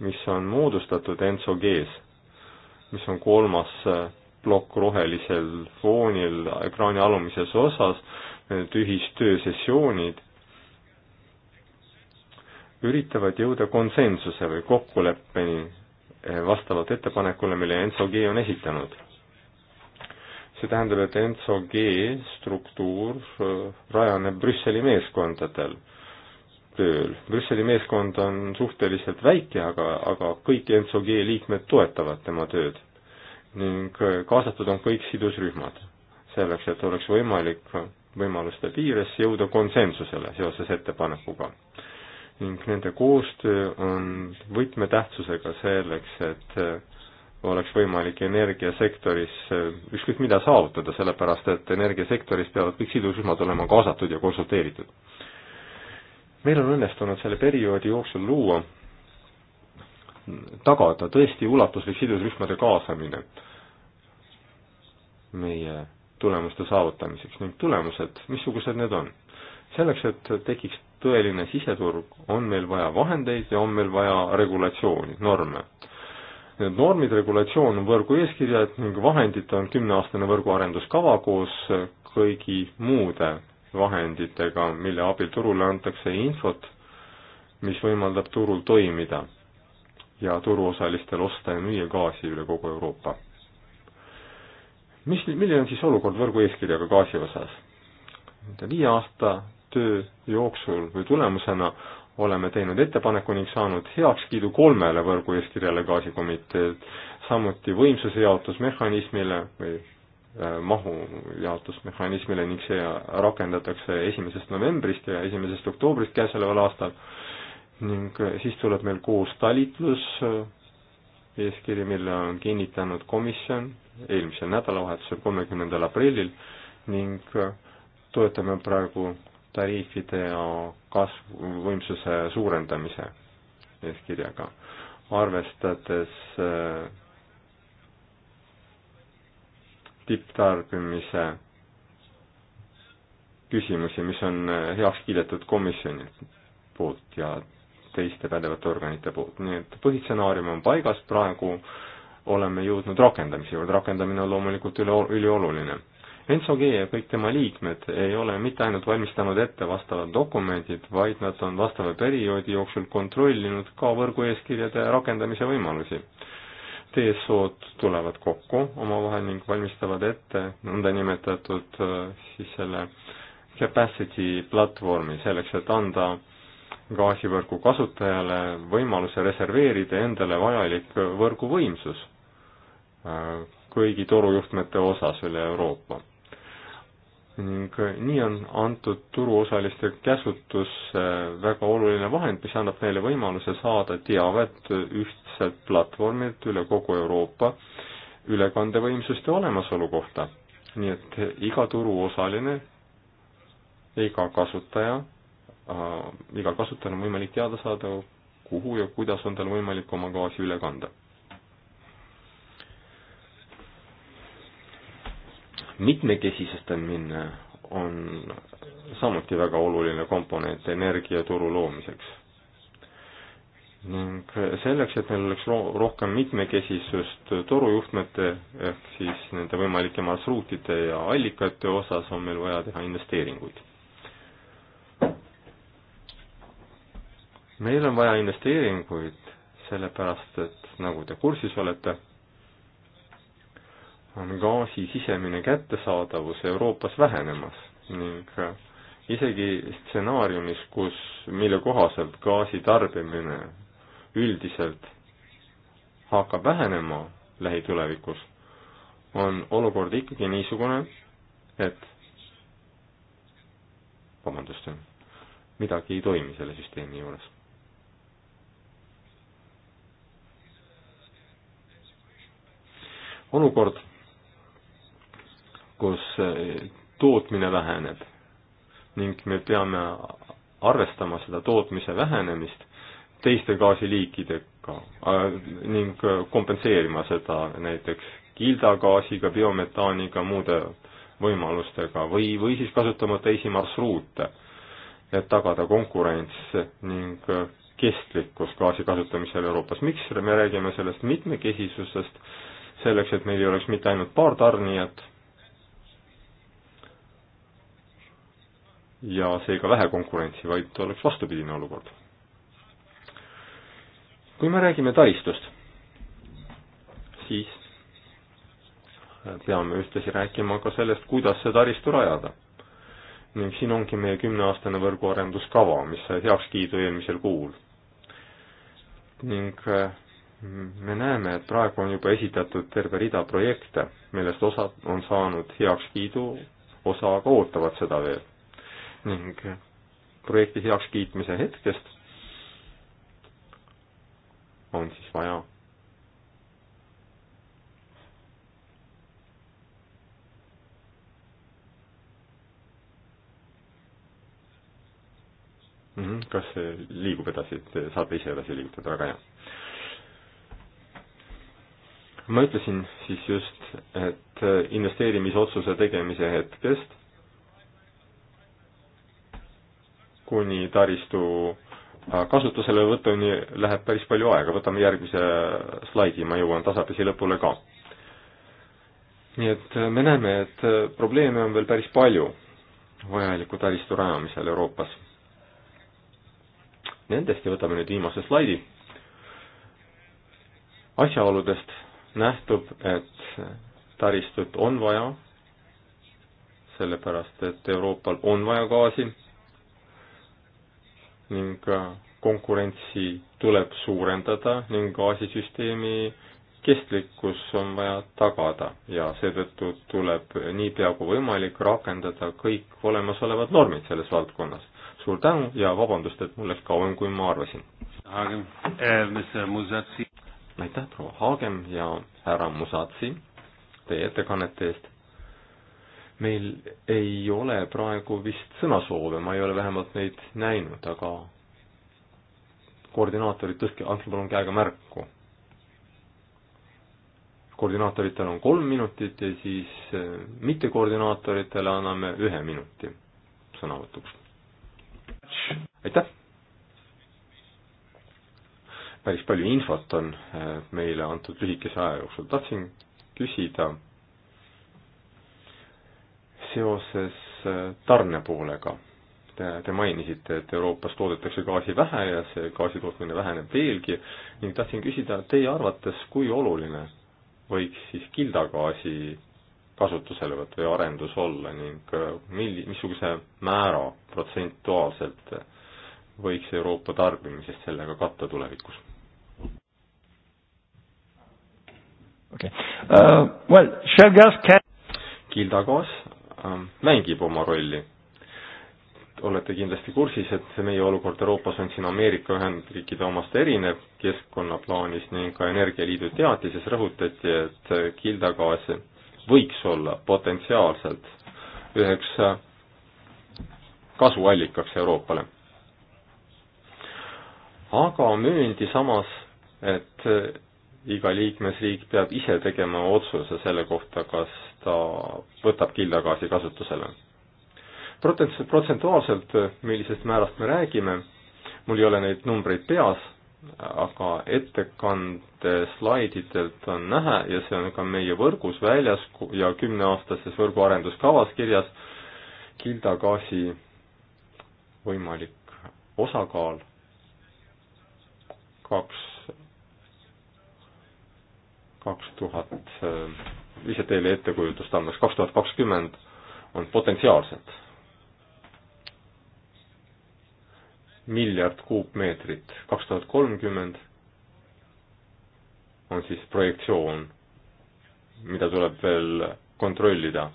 Speaker 3: mis on moodustatud ENSO-G-s, mis on kolmas äh, plokk rohelisel foonil ekraani alumises osas, need ühistöösessioonid, üritavad jõuda konsensuse või kokkuleppeni äh, vastavalt ettepanekule, mille ENSO-G on esitanud see tähendab, et ENSO G struktuur äh, rajaneb Brüsseli meeskondadel, tööl. Brüsseli meeskond on suhteliselt väike, aga, aga kõik ENSOG liikmed toetavad tema tööd ning äh, kaasatud on kõik sidusrühmad, selleks et oleks võimalik võimaluste piires jõuda konsensusele seoses ettepanekuga. ning nende koostöö on võtmetähtsusega selleks, et äh, oleks võimalik energiasektoris äh, ükskõik mida saavutada, sellepärast et energiasektoris peavad kõik sidusrühmad olema kaasatud ja konsulteeritud meil on õnnestunud selle perioodi jooksul luua, tagada tõesti ulatuslik sidusrühmade kaasamine meie tulemuste saavutamiseks ning tulemused, missugused need on? selleks, et tekiks tõeline siseturg, on meil vaja vahendeid ja on meil vaja regulatsiooni, norme. Need normid, regulatsioon on võrgueeskirjad ning vahendid on kümneaastane võrgu arenduskava koos kõigi muude vahenditega, mille abil turule antakse infot, mis võimaldab turul toimida ja turuosalistel osta ja müüa gaasi üle kogu Euroopa. mis, milline on siis olukord võrgueeskirjaga gaasi osas? viie aasta töö jooksul või tulemusena oleme teinud ettepaneku ning saanud heakskiidu kolmele võrgueeskirjale gaasikomiteed, samuti võimsuse jaotusmehhanismile või Äh, mahu jaotusmehhanismile ning see rakendatakse esimesest novembrist ja esimesest oktoobrist käesoleval aastal ning äh, siis tuleb meil koos talitlus, äh, eeskiri, mille on kinnitanud komisjon eelmisel nädalavahetusel, kolmekümnendal aprillil ning toetame praegu tariifide ja kasvu, võimsuse suurendamise eeskirjaga, arvestades tipptarbimise küsimusi, mis on eh, heaks kiidetud komisjoni poolt ja teiste pädevate organite poolt, nii et põhistsenaarium on paigas, praegu oleme jõudnud rakendamise juurde, rakendamine on loomulikult üle, ülioluline. Enso G ja kõik tema liikmed ei ole mitte ainult valmistanud ette vastavad dokumendid, vaid nad on vastava perioodi jooksul kontrollinud ka võrgueeskirjade rakendamise võimalusi TSO-d tulevad kokku omavahel ning valmistavad ette nõndanimetatud äh, siis selle capacity platvormi selleks, et anda gaasivõrgu kasutajale võimaluse reserveerida endale vajalik võrguvõimsus äh, kõigi torujuhtmete osas üle Euroopa ning nii on antud turuosaliste käsutusse väga oluline vahend, mis annab neile võimaluse saada teavet ühtselt platvormilt üle kogu Euroopa ülekandevõimsuste olemasolu kohta. nii et iga turuosaline, iga kasutaja, äh, igal kasutajal on võimalik teada saada, kuhu ja kuidas on tal võimalik oma gaasi üle kanda mitmekesisestamine on samuti väga oluline komponent energiaturu loomiseks. ning selleks, et meil oleks rohkem mitmekesisust torujuhtmete ehk siis nende võimalike marsruutide ja allikate osas, on meil vaja teha investeeringuid. meil on vaja investeeringuid, sellepärast et nagu te kursis olete on gaasi sisemine kättesaadavus Euroopas vähenemas ning äh, isegi stsenaariumis, kus, mille kohaselt gaasi tarbimine üldiselt hakkab vähenema lähitulevikus, on olukord ikkagi niisugune, et vabandust, midagi ei toimi selle süsteemi juures. olukord kus eh, tootmine väheneb ning me peame arvestama seda tootmise vähenemist teiste gaasiliikidega eh, ning eh, kompenseerima seda näiteks kildagaasiga, biometaaniga, muude võimalustega või, või siis kasutama teisi marsruute, et tagada konkurents ning kestlikkus gaasi kasutamisel Euroopas. miks me räägime sellest mitmekesisusest? selleks, et meil ei oleks mitte ainult paar tarnijat, ja seega vähe konkurentsi, vaid oleks vastupidine olukord. kui me räägime taristust, siis peame ühtlasi rääkima ka sellest, kuidas see taristu rajada. ning siin ongi meie kümneaastane võrguarenduskava, mis sai heakskiidu eelmisel kuul. ning mm, me näeme, et praegu on juba esitatud terve rida projekte, millest osa on saanud heakskiidu, osa aga ootavad seda veel ning projekti heakskiitmise hetkest on siis vaja mhm, kas see liigub edasi, et saate ise edasi liigutada, väga hea. ma ütlesin siis just, et investeerimisotsuse tegemise hetkest kuni taristu äh, kasutuselevõtuni läheb päris palju aega, võtame järgmise slaidi, ma jõuan tasapisi lõpule ka. nii et äh, me näeme, et äh, probleeme on veel päris palju vajaliku taristu rajamisel Euroopas. Nendest ja võtame nüüd viimase slaidi. asjaoludest nähtub, et taristut on vaja, sellepärast et Euroopal on vaja gaasi ning äh, konkurentsi tuleb suurendada ning gaasisüsteemi kestlikkus on vaja tagada ja seetõttu tuleb niipea kui võimalik rakendada kõik olemasolevad normid selles valdkonnas. suur tänu ja vabandust, et mul läks kauem, kui ma arvasin. Äh, aitäh, proua Haagem ja härra Musatsi teie ettekannete eest meil ei ole praegu vist sõnasoove, ma ei ole vähemalt neid näinud, aga koordinaatorid, tõstke, andke palun käega märku. koordinaatoritel on kolm minutit ja siis eh, mittekoordinaatoritele anname ühe minuti sõnavõtuks. aitäh! päris palju infot on eh, meile antud lühikese aja jooksul, tahtsin küsida seoses äh, tarnepoolega. Te, te mainisite, et Euroopas toodetakse gaasi vähe ja see gaasi tootmine väheneb veelgi ning tahtsin küsida teie arvates, kui oluline võiks siis kildagaasi kasutuselevõtt või arendus olla ning äh, milli-, missuguse määra protsentuaalselt võiks Euroopa tarbimisest sellega katta tulevikus?
Speaker 1: okei okay. uh,, well, shell gas can
Speaker 3: kildagaas Ähm, mängib oma rolli. olete kindlasti kursis, et meie olukord Euroopas on siin Ameerika Ühendriikide omast erinev keskkonnaplaanis ning ka Energialiidu teatises rõhutati, et kildagaas võiks olla potentsiaalselt üheks äh, kasuallikaks Euroopale. aga mööndi samas, et iga liikmesriik peab ise tegema otsuse selle kohta, kas ta võtab kildagaasi kasutusele. Protsent, protsentuaalselt, millisest määrast me räägime, mul ei ole neid numbreid peas, aga ettekande slaididelt on näha ja see on ka meie võrgus väljas ja kümneaastases võrgu arenduskavas kirjas, kildagaasi võimalik osakaal kaks kaks tuhat, lihtsalt äh, teile ettekujutust andmaks, kaks tuhat kakskümmend on potentsiaalselt miljard kuupmeetrit, kaks tuhat kolmkümmend on siis projektsioon, mida tuleb veel kontrollida.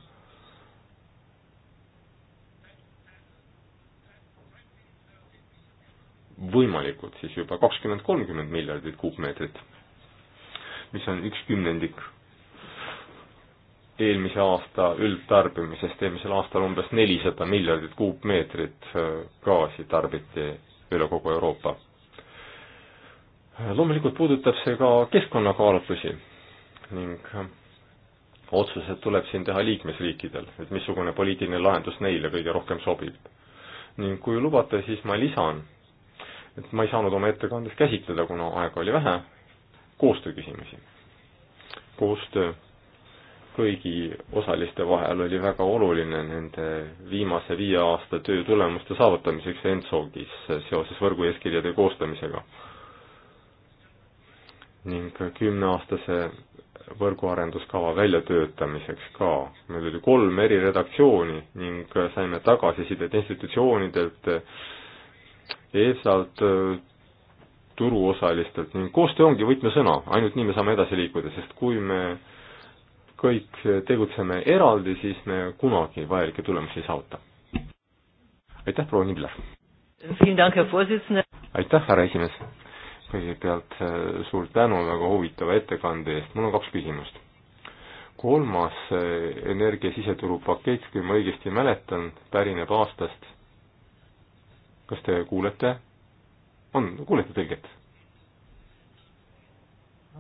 Speaker 3: võimalikult siis juba kakskümmend, kolmkümmend miljardit kuupmeetrit mis on üks kümnendik eelmise aasta üldtarbimisest, eelmisel aastal umbes nelisada miljardit kuupmeetrit äh, gaasi tarbiti üle kogu Euroopa. loomulikult puudutab see ka keskkonnakaalutlusi ning äh, otsused tuleb siin teha liikmesriikidel, et missugune poliitiline lahendus neile kõige rohkem sobib. ning kui lubate, siis ma lisan, et ma ei saanud oma ettekandes käsitleda, kuna aega oli vähe, koostööküsimusi. koostöö kõigi osaliste vahel oli väga oluline nende viimase viie aasta töö tulemuste saavutamiseks ENTSO-gis seoses võrgueeskirjade koostamisega. ning kümneaastase võrguarenduskava väljatöötamiseks ka. meil oli kolm eri redaktsiooni ning saime tagasisidet institutsioonidelt, ESA-lt, turuosalistelt ning koostöö ongi võtmesõna, ainult nii me saame edasi liikuda, sest kui me kõik tegutseme eraldi, siis me kunagi vajalikke tulemusi ei saavuta. aitäh, proua Nibler! aitäh, härra esimees! kõigepealt äh, suur tänu väga huvitava ettekande eest, mul on kaks küsimust. kolmas äh, energia siseturu pakett, kui ma õigesti mäletan, pärineb aastast kas te kuulete? on, kuulete tõlget?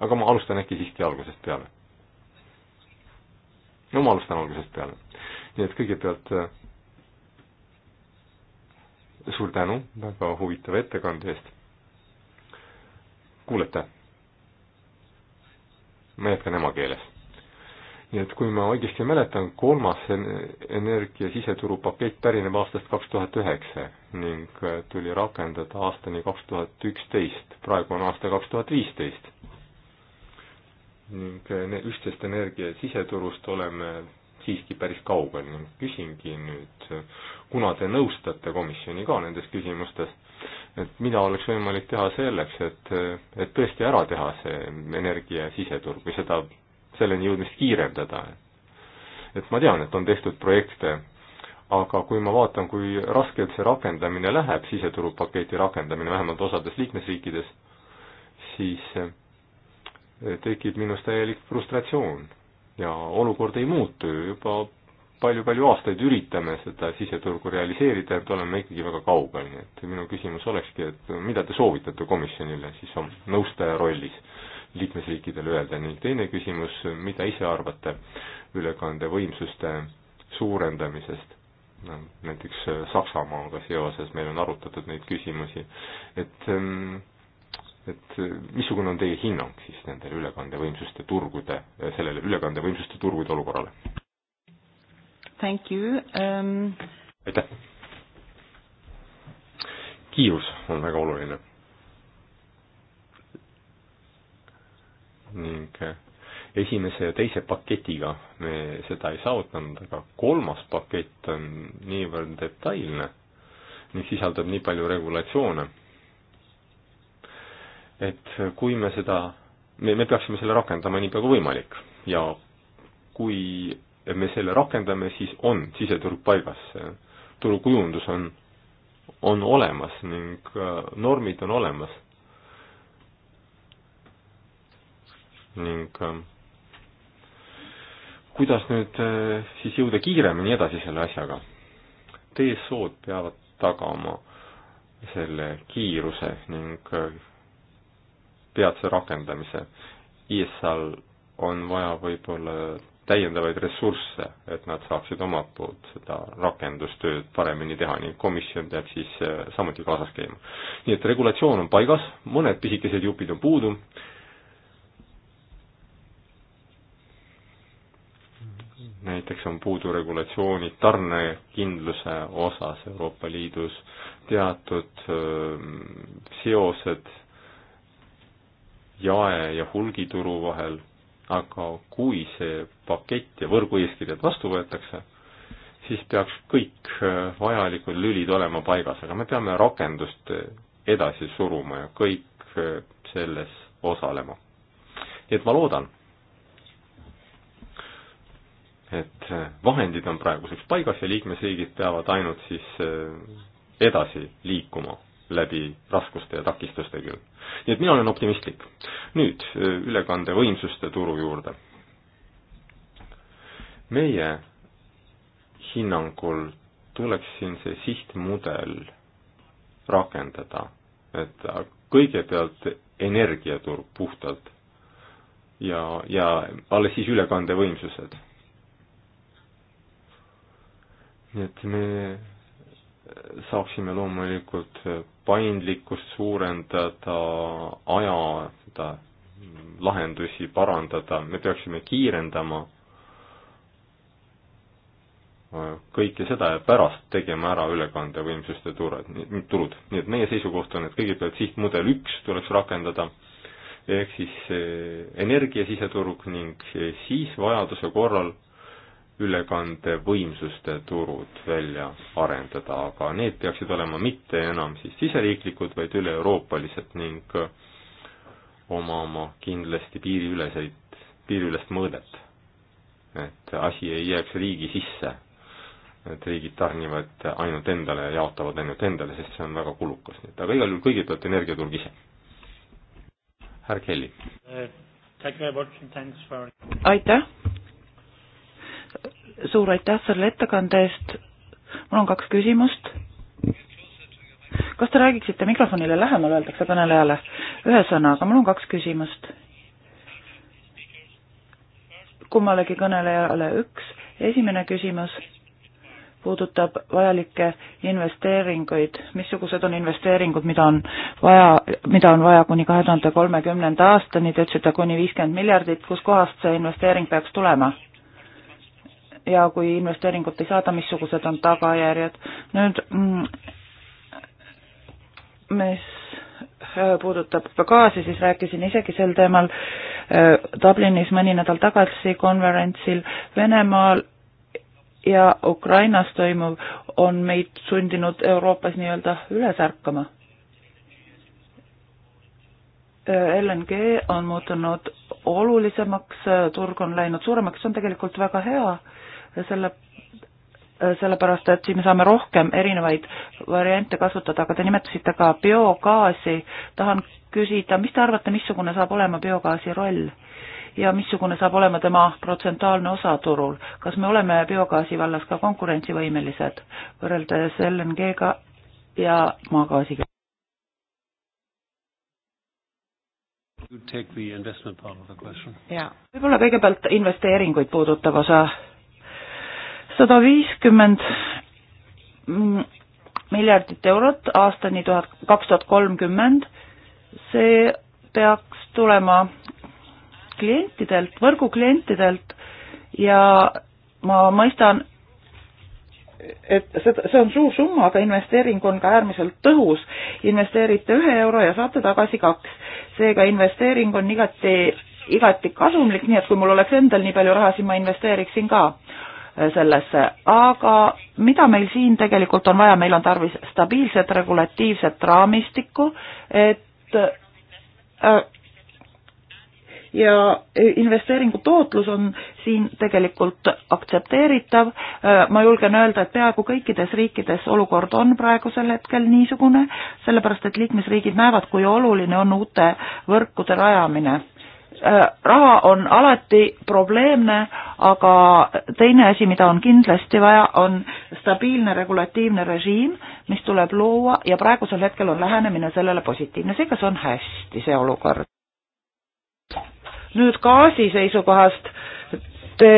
Speaker 3: aga ma alustan äkki siiski algusest peale. no ma alustan algusest peale. nii et kõigepealt äh, suur tänu väga huvitava ettekande eest. kuulete? ma jätkan emakeeles nii et kui ma õigesti mäletan, kolmas energia siseturu pakett pärineb aastast kaks tuhat üheksa ning tuli rakendada aastani kaks tuhat üksteist, praegu on aasta kaks tuhat viisteist. ning ühtsest energia siseturust oleme siiski päris kaugel ning küsingi nüüd, kuna te nõustate komisjoni ka nendes küsimustes, et mida oleks võimalik teha selleks, et, et tõesti ära teha see energia siseturg või seda selleni jõudmist kiirendada. et ma tean, et on tehtud projekte, aga kui ma vaatan, kui raskelt see rakendamine läheb, siseturupaketi rakendamine vähemalt osades liikmesriikides, siis eh, tekib minus täielik frustratsioon ja olukord ei muutu, juba palju-palju aastaid üritame seda siseturgu realiseerida, et oleme ikkagi väga kaugel, nii et minu küsimus olekski, et mida te soovitate komisjonile siis oma nõustaja rollis? liikmesriikidele öelda ning teine küsimus, mida ise arvate ülekandevõimsuste suurendamisest? no näiteks äh, Saksamaaga seoses meil on arutatud neid küsimusi, et ähm, et äh, missugune on teie hinnang siis nendele ülekandevõimsuste turgude, äh, sellele ülekandevõimsuste turgude olukorrale?
Speaker 4: Thank you um....
Speaker 3: aitäh. kiirus on väga oluline ning esimese ja teise paketiga me seda ei saavutanud, aga kolmas pakett on niivõrd detailne ning sisaldab nii palju regulatsioone, et kui me seda, me, me peaksime selle rakendama niipea kui võimalik ja kui me selle rakendame, siis on siseturg paigas, turukujundus on, on olemas ning äh, normid on olemas ning ähm, kuidas nüüd äh, siis jõuda kiiremini edasi selle asjaga? TSO-d peavad tagama selle kiiruse ning äh, peatse rakendamise. ISL on vaja võib-olla täiendavaid ressursse, et nad saaksid omalt poolt seda rakendustööd paremini teha ning komisjon peab siis äh, samuti kaasas käima. nii et regulatsioon on paigas, mõned pisikesed jupid on puudu, näiteks on puudu regulatsioonid tarnekindluse osas Euroopa Liidus, teatud ähm, seosed jae- ja hulgituru vahel, aga kui see pakett ja võrgueeskirjad vastu võetakse, siis peaks kõik äh, vajalikud lülid olema paigas, aga me peame rakendust äh, edasi suruma ja kõik äh, selles osalema. nii et ma loodan et äh, vahendid on praeguseks paigas ja liikmesriigid peavad ainult siis äh, edasi liikuma läbi raskuste ja takistuste küll. nii et mina olen optimistlik. nüüd äh, ülekandevõimsuste turu juurde. meie hinnangul tuleks siin see sihtmudel rakendada, et kõigepealt energiaturg puhtalt ja, ja alles siis ülekandevõimsused nii et me äh, saaksime loomulikult äh, paindlikkust suurendada, aja seda mm, lahendusi parandada, me peaksime kiirendama äh, kõike seda ja pärast tegema ära ülekandevõimsuste turud, turud. nii et meie seisukoht on, et kõigepealt sihtmudel üks tuleks rakendada, ehk siis energia siseturg ning siis vajaduse korral ülekandevõimsuste turud välja arendada, aga need peaksid olema mitte enam siis siseriiklikud, vaid üle-euroopalised ning omama kindlasti piiriüleseid, piiriülest mõõdet. et asi ei jääks riigi sisse, et riigid tarnivad ainult endale ja jaotavad ainult endale, sest see on väga kulukas, nii et aga igal juhul kõigepealt energiaturg ise. härra Kelly. Uh, aitäh
Speaker 4: suur aitäh selle ettekande eest. mul on kaks küsimust. kas te räägiksite mikrofonile lähemal, öeldakse kõnelejale. ühesõnaga, mul on kaks küsimust. kummalegi kõnelejale üks. esimene küsimus puudutab vajalikke investeeringuid. missugused on investeeringud, mida on vaja, mida on vaja kuni kahe tuhande kolmekümnenda aastani, te ütlesite kuni viiskümmend miljardit, kuskohast see investeering peaks tulema? ja kui investeeringut ei saada, missugused on tagajärjed. nüüd mm, mis äh, puudutab gaasi, siis rääkisin isegi sel teemal äh, Dublinis mõni nädal tagasi konverentsil Venemaal ja Ukrainas toimuv on meid sundinud Euroopas nii-öelda üles ärkama. Äh, LNG on muutunud olulisemaks, turg on läinud suuremaks, see on tegelikult väga hea selle äh, sellepärast, et siin me saame rohkem erinevaid variante kasutada, aga te nimetasite ka biogaasi. tahan küsida, mis te arvate, missugune saab olema biogaasi roll ja missugune saab olema tema protsentuaalne osa turul? kas me oleme biogaasi vallas ka konkurentsivõimelised võrreldes LNG-ga ja maagaasiga?
Speaker 1: jaa, võib-olla kõigepealt
Speaker 4: investeeringuid puudutav osa sada viiskümmend miljardit eurot aastani tuhat, kaks tuhat kolmkümmend, see peaks tulema klientidelt, võrguklientidelt ja ma mõistan, et seda, see on suur summa, aga investeering on ka äärmiselt tõhus. investeerite ühe euro ja saate tagasi kaks. seega investeering on igati, igati kasumlik, nii et kui mul oleks endal nii palju raha, siis ma investeeriksin ka sellesse, aga mida meil siin tegelikult on vaja, meil on tarvis stabiilset regulatiivset raamistikku, et äh, ja investeeringu tootlus on siin tegelikult aktsepteeritav. Äh, ma julgen öelda, et peaaegu kõikides riikides olukord on praegusel hetkel niisugune, sellepärast et liikmesriigid näevad, kui oluline on uute võrkude rajamine Äh, raha on alati probleemne, aga teine asi, mida on kindlasti vaja, on stabiilne regulatiivne režiim, mis tuleb luua ja praegusel hetkel on lähenemine sellele positiivne, seega see on hästi, see olukord. nüüd gaasi seisukohast, te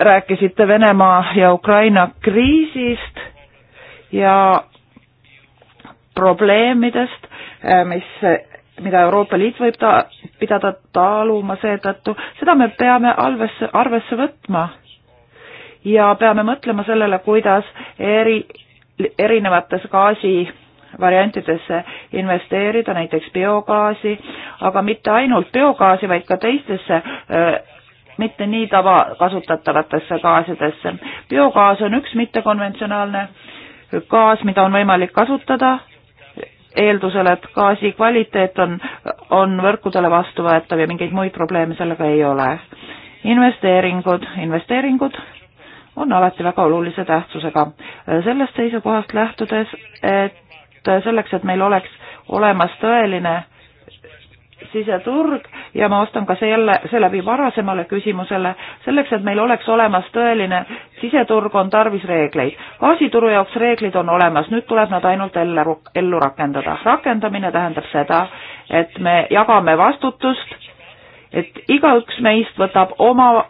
Speaker 4: rääkisite Venemaa ja Ukraina kriisist ja probleemidest, mis mida Euroopa Liit võib ta pidada taluma seetõttu, seda me peame alvesse, arvesse võtma. ja peame mõtlema sellele, kuidas eri, erinevates gaasi variantidesse investeerida, näiteks biogaasi, aga mitte ainult biogaasi, vaid ka teistesse äh, mitte nii tavakasutatavatesse gaasidesse. biogaas on üks mittekonventsionaalne gaas, mida on võimalik kasutada eeldusel, et gaasi kvaliteet on, on võrkudele vastuvõetav ja mingeid muid probleeme sellega ei ole. investeeringud, investeeringud on alati väga olulise tähtsusega. sellest seisukohast lähtudes, et selleks, et meil oleks olemas tõeline siseturg ja ma vastan ka selle, seeläbi varasemale küsimusele, selleks, et meil oleks olemas tõeline siseturg, on tarvis reegleid. gaasituru jaoks reeglid on olemas, nüüd tuleb nad ainult ellu, ellu rakendada. rakendamine tähendab seda, et me jagame vastutust, et igaüks meist võtab oma,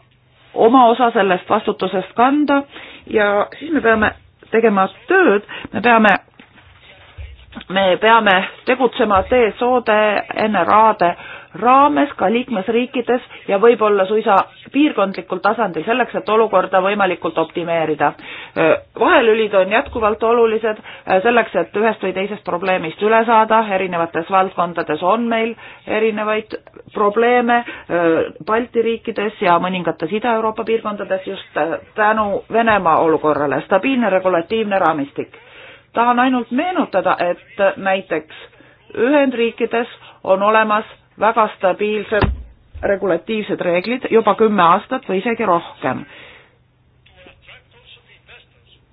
Speaker 4: oma osa sellest vastutusest kanda ja siis me peame tegema tööd, me peame me peame tegutsema TSO-de, NRA-de raames ka liikmesriikides ja võib-olla suisa piirkondlikul tasandil selleks, et olukorda võimalikult optimeerida. vahelülid on jätkuvalt olulised selleks, et ühest või teisest probleemist üle saada, erinevates valdkondades on meil erinevaid probleeme Balti riikides ja mõningates Ida-Euroopa piirkondades just tänu Venemaa olukorrale, stabiilne regulatiivne raamistik tahan ainult meenutada, et näiteks Ühendriikides on olemas väga stabiilsed regulatiivsed reeglid juba kümme aastat või isegi rohkem.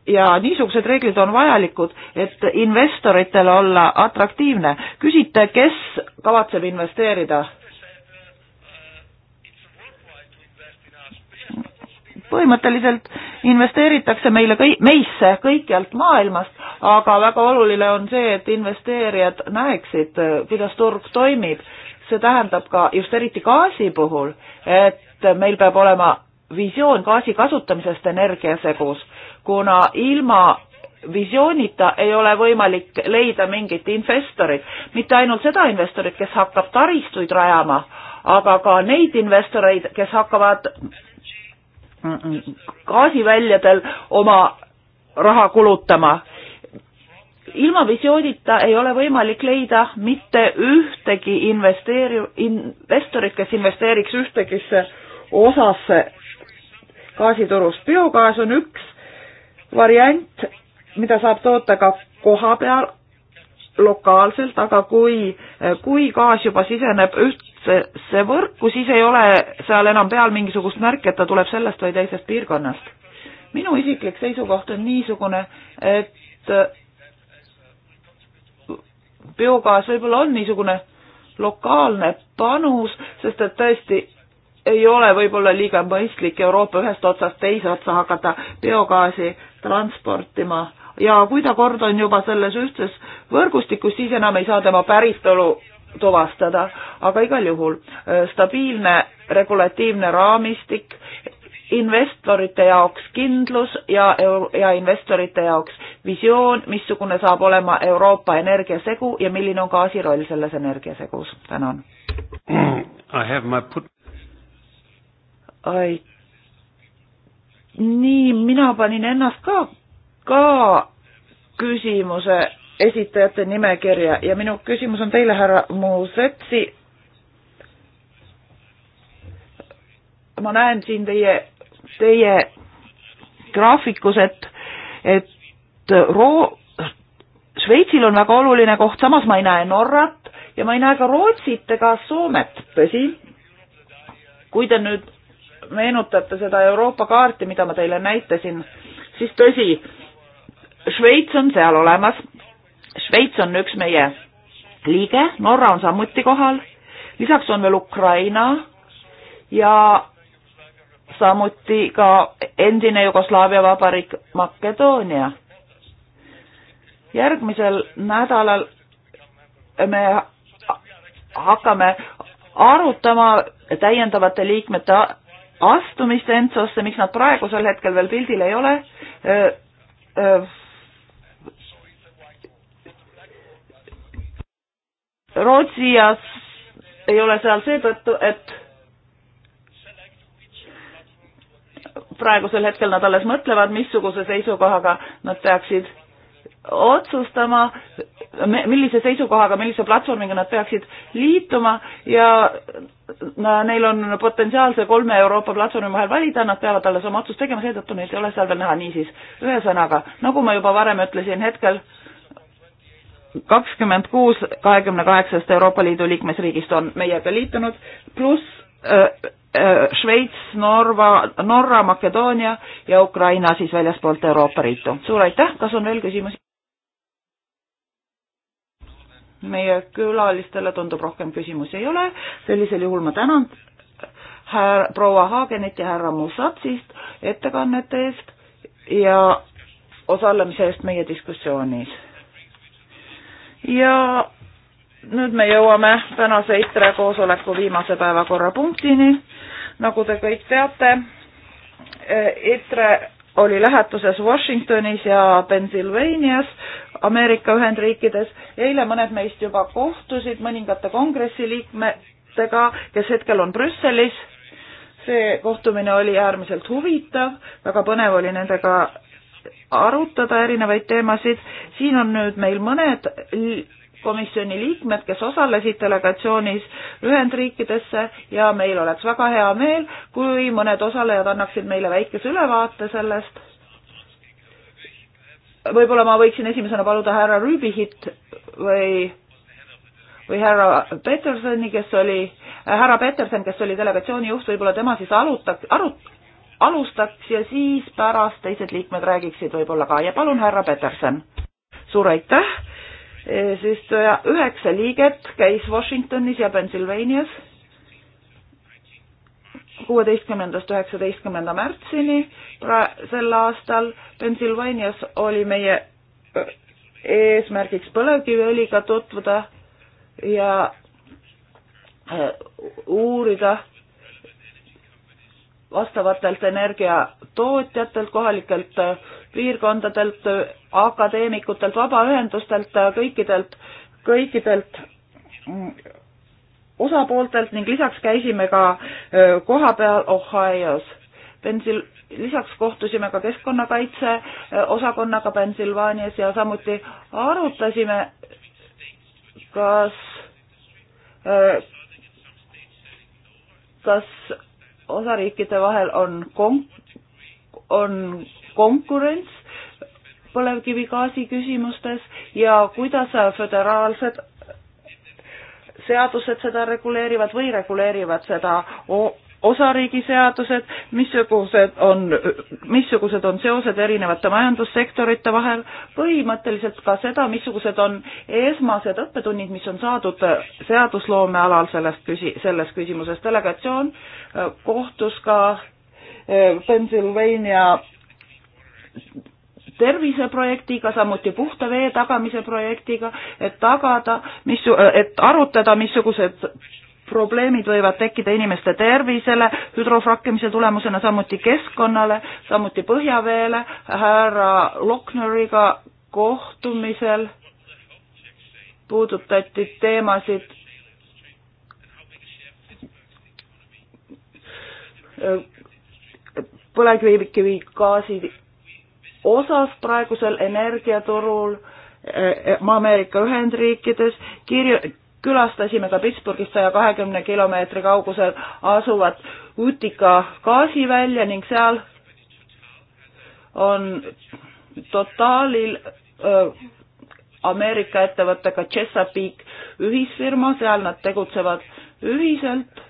Speaker 4: ja niisugused reeglid on vajalikud, et investoritel olla atraktiivne. küsite, kes kavatseb investeerida põhimõtteliselt investeeritakse meile kõi-, meisse kõikjalt maailmast, aga väga oluline on see, et investeerijad näeksid, kuidas turg toimib. see tähendab ka just eriti gaasi puhul, et meil peab olema visioon gaasi kasutamisest energiasegus, kuna ilma visioonita ei ole võimalik leida mingit investorit, mitte ainult seda investorit, kes hakkab taristuid rajama, aga ka neid investoreid, kes hakkavad gaasiväljadel oma raha kulutama. ilma visioonita ei ole võimalik leida mitte ühtegi investeeri-, investorit, kes investeeriks ühtegisse osasse gaasiturust. biogaas on üks variant, mida saab toota ka koha peal lokaalselt, aga kui, kui gaas juba siseneb üht, see võrku, siis ei ole seal enam peal mingisugust märki, et ta tuleb sellest või teisest piirkonnast. minu isiklik seisukoht on niisugune, et äh, biogaas võib-olla on niisugune lokaalne panus, sest et tõesti ei ole võib-olla liiga mõistlik Euroopa ühest otsast teise otsa hakata biogaasi transportima ja kui ta kord on juba selles ühtses võrgustikus, siis enam ei saa tema päritolu tuvastada, aga igal juhul äh, stabiilne regulatiivne raamistik, investorite jaoks kindlus ja, ja investorite jaoks visioon, missugune saab olema Euroopa energiasegu ja milline on gaasi roll selles energiasegus.
Speaker 1: tänan. Put...
Speaker 4: Ai... nii, mina panin ennast ka, ka küsimuse esitajate nimekirja ja minu küsimus on teile, härra Muusetsi. ma näen siin teie, teie graafikus, et, et Roo-, Šveitsil on väga oluline koht, samas ma ei näe Norrat ja ma ei näe ka Rootsit ega Soomet, tõsi. kui te nüüd meenutate seda Euroopa kaarti, mida ma teile näitasin, siis tõsi, Šveits on seal olemas Šveits on üks meie liige, Norra on samuti kohal, lisaks on veel Ukraina ja samuti ka endine Jugoslaavia vabariik Makedoonia. järgmisel nädalal me hakkame arutama täiendavate liikmete astumist ENTSO-sse, miks nad praegusel hetkel veel pildil ei ole äh, äh, Rootsi ja ei ole seal seetõttu, et praegusel hetkel nad alles mõtlevad, missuguse seisukohaga nad peaksid otsustama, millise seisukohaga, millise platvormiga nad peaksid liituma ja neil on potentsiaalse kolme Euroopa platvormi vahel valida, nad peavad alles oma otsust tegema, seetõttu neid ei ole seal veel näha, niisiis ühesõnaga, nagu ma juba varem ütlesin, hetkel äh, kakskümmend kuus kahekümne kaheksast Euroopa Liidu liikmesriigist on meiega liitunud, pluss Šveits, Norra, Norra, Makedoonia ja Ukraina siis väljaspoolt Euroopa Liitu. suur aitäh, kas on veel küsimusi? meie külalistele tundub rohkem küsimusi ei ole, sellisel juhul ma tänan härra, proua Haagenit ja härra Musatsist ettekannete eest ja osalemise eest meie diskussioonis ja nüüd me jõuame tänase ITRE koosoleku viimase päevakorrapunktini. nagu te kõik teate, eh, ITRE oli lähetuses Washingtonis ja Pennsylvanias Ameerika Ühendriikides. eile mõned meist juba kohtusid mõningate kongressi liikmetega, kes hetkel on Brüsselis. see kohtumine oli äärmiselt huvitav, väga põnev oli nendega arutada erinevaid teemasid. siin on nüüd meil mõned komisjoni liikmed, kes osalesid delegatsioonis Ühendriikidesse ja meil oleks väga hea meel, kui mõned osalejad annaksid meile väikese ülevaate sellest. võib-olla ma võiksin esimesena paluda härra Rüübihit või, või härra Petersoni, kes oli, härra Peterson, kes oli delegatsiooni juht, võib-olla tema siis arutab, arut-, alustaks ja siis pärast teised liikmed räägiksid võib-olla ka ja palun, härra Peterson. suur aitäh, sest üheksa liiget käis Washingtonis ja Pennsylvanias kuueteistkümnendast üheksateistkümnenda märtsini pra-, sel aastal Pennsylvanias oli meie eesmärgiks põlevkiviõliga tutvuda ja äh, uurida vastavatelt energiatootjatelt, kohalikelt äh, piirkondadelt, äh, akadeemikutelt, vabaühendustelt, äh, kõikidelt, kõikidelt mm, osapooltelt ning lisaks käisime ka kohapeal Ohios. Pensil-, lisaks kohtusime ka keskkonnakaitse osakonnaga Pensilvaanias ja samuti arutasime, kas, kas osariikide vahel on kon-, on konkurents põlevkivigaasi küsimustes ja kuidas föderaalsed seadused seda reguleerivad või reguleerivad seda osariigi seadused, missugused on, missugused on seosed erinevate majandussektorite vahel, põhimõtteliselt ka seda, missugused on esmased õppetunnid, mis on saadud seadusloome alal sellest küsi-, selles küsimuses. delegatsioon äh, kohtus ka äh, Pennsylvania terviseprojektiga, samuti puhta vee tagamise projektiga, et tagada, mis, äh, et arutada, missugused probleemid võivad tekkida inimeste tervisele, hüdrofrakkimise tulemusena samuti keskkonnale, samuti põhjaveele. härra Lokneriga kohtumisel puudutati teemasid põlevkivigaasi osas praegusel energiaturul e, e, Ameerika Ühendriikides kirju-, külastasime ka Pittsburghist saja kahekümne kilomeetri kaugusel asuvat Utica gaasivälja ning seal on Totalil äh, Ameerika ettevõttega Chesapeake ühisfirma, seal nad tegutsevad ühiselt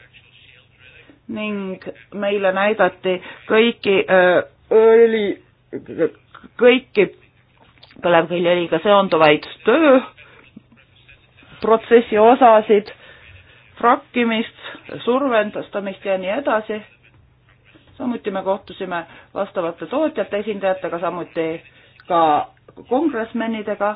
Speaker 4: ning meile näidati kõiki äh, õli, kõiki põlevkiviõliga seonduvaid töö protsessi osasid, frakkimist, survendastamist ja nii edasi. samuti me kohtusime vastavate tootjate esindajatega, samuti ka kongressmenidega,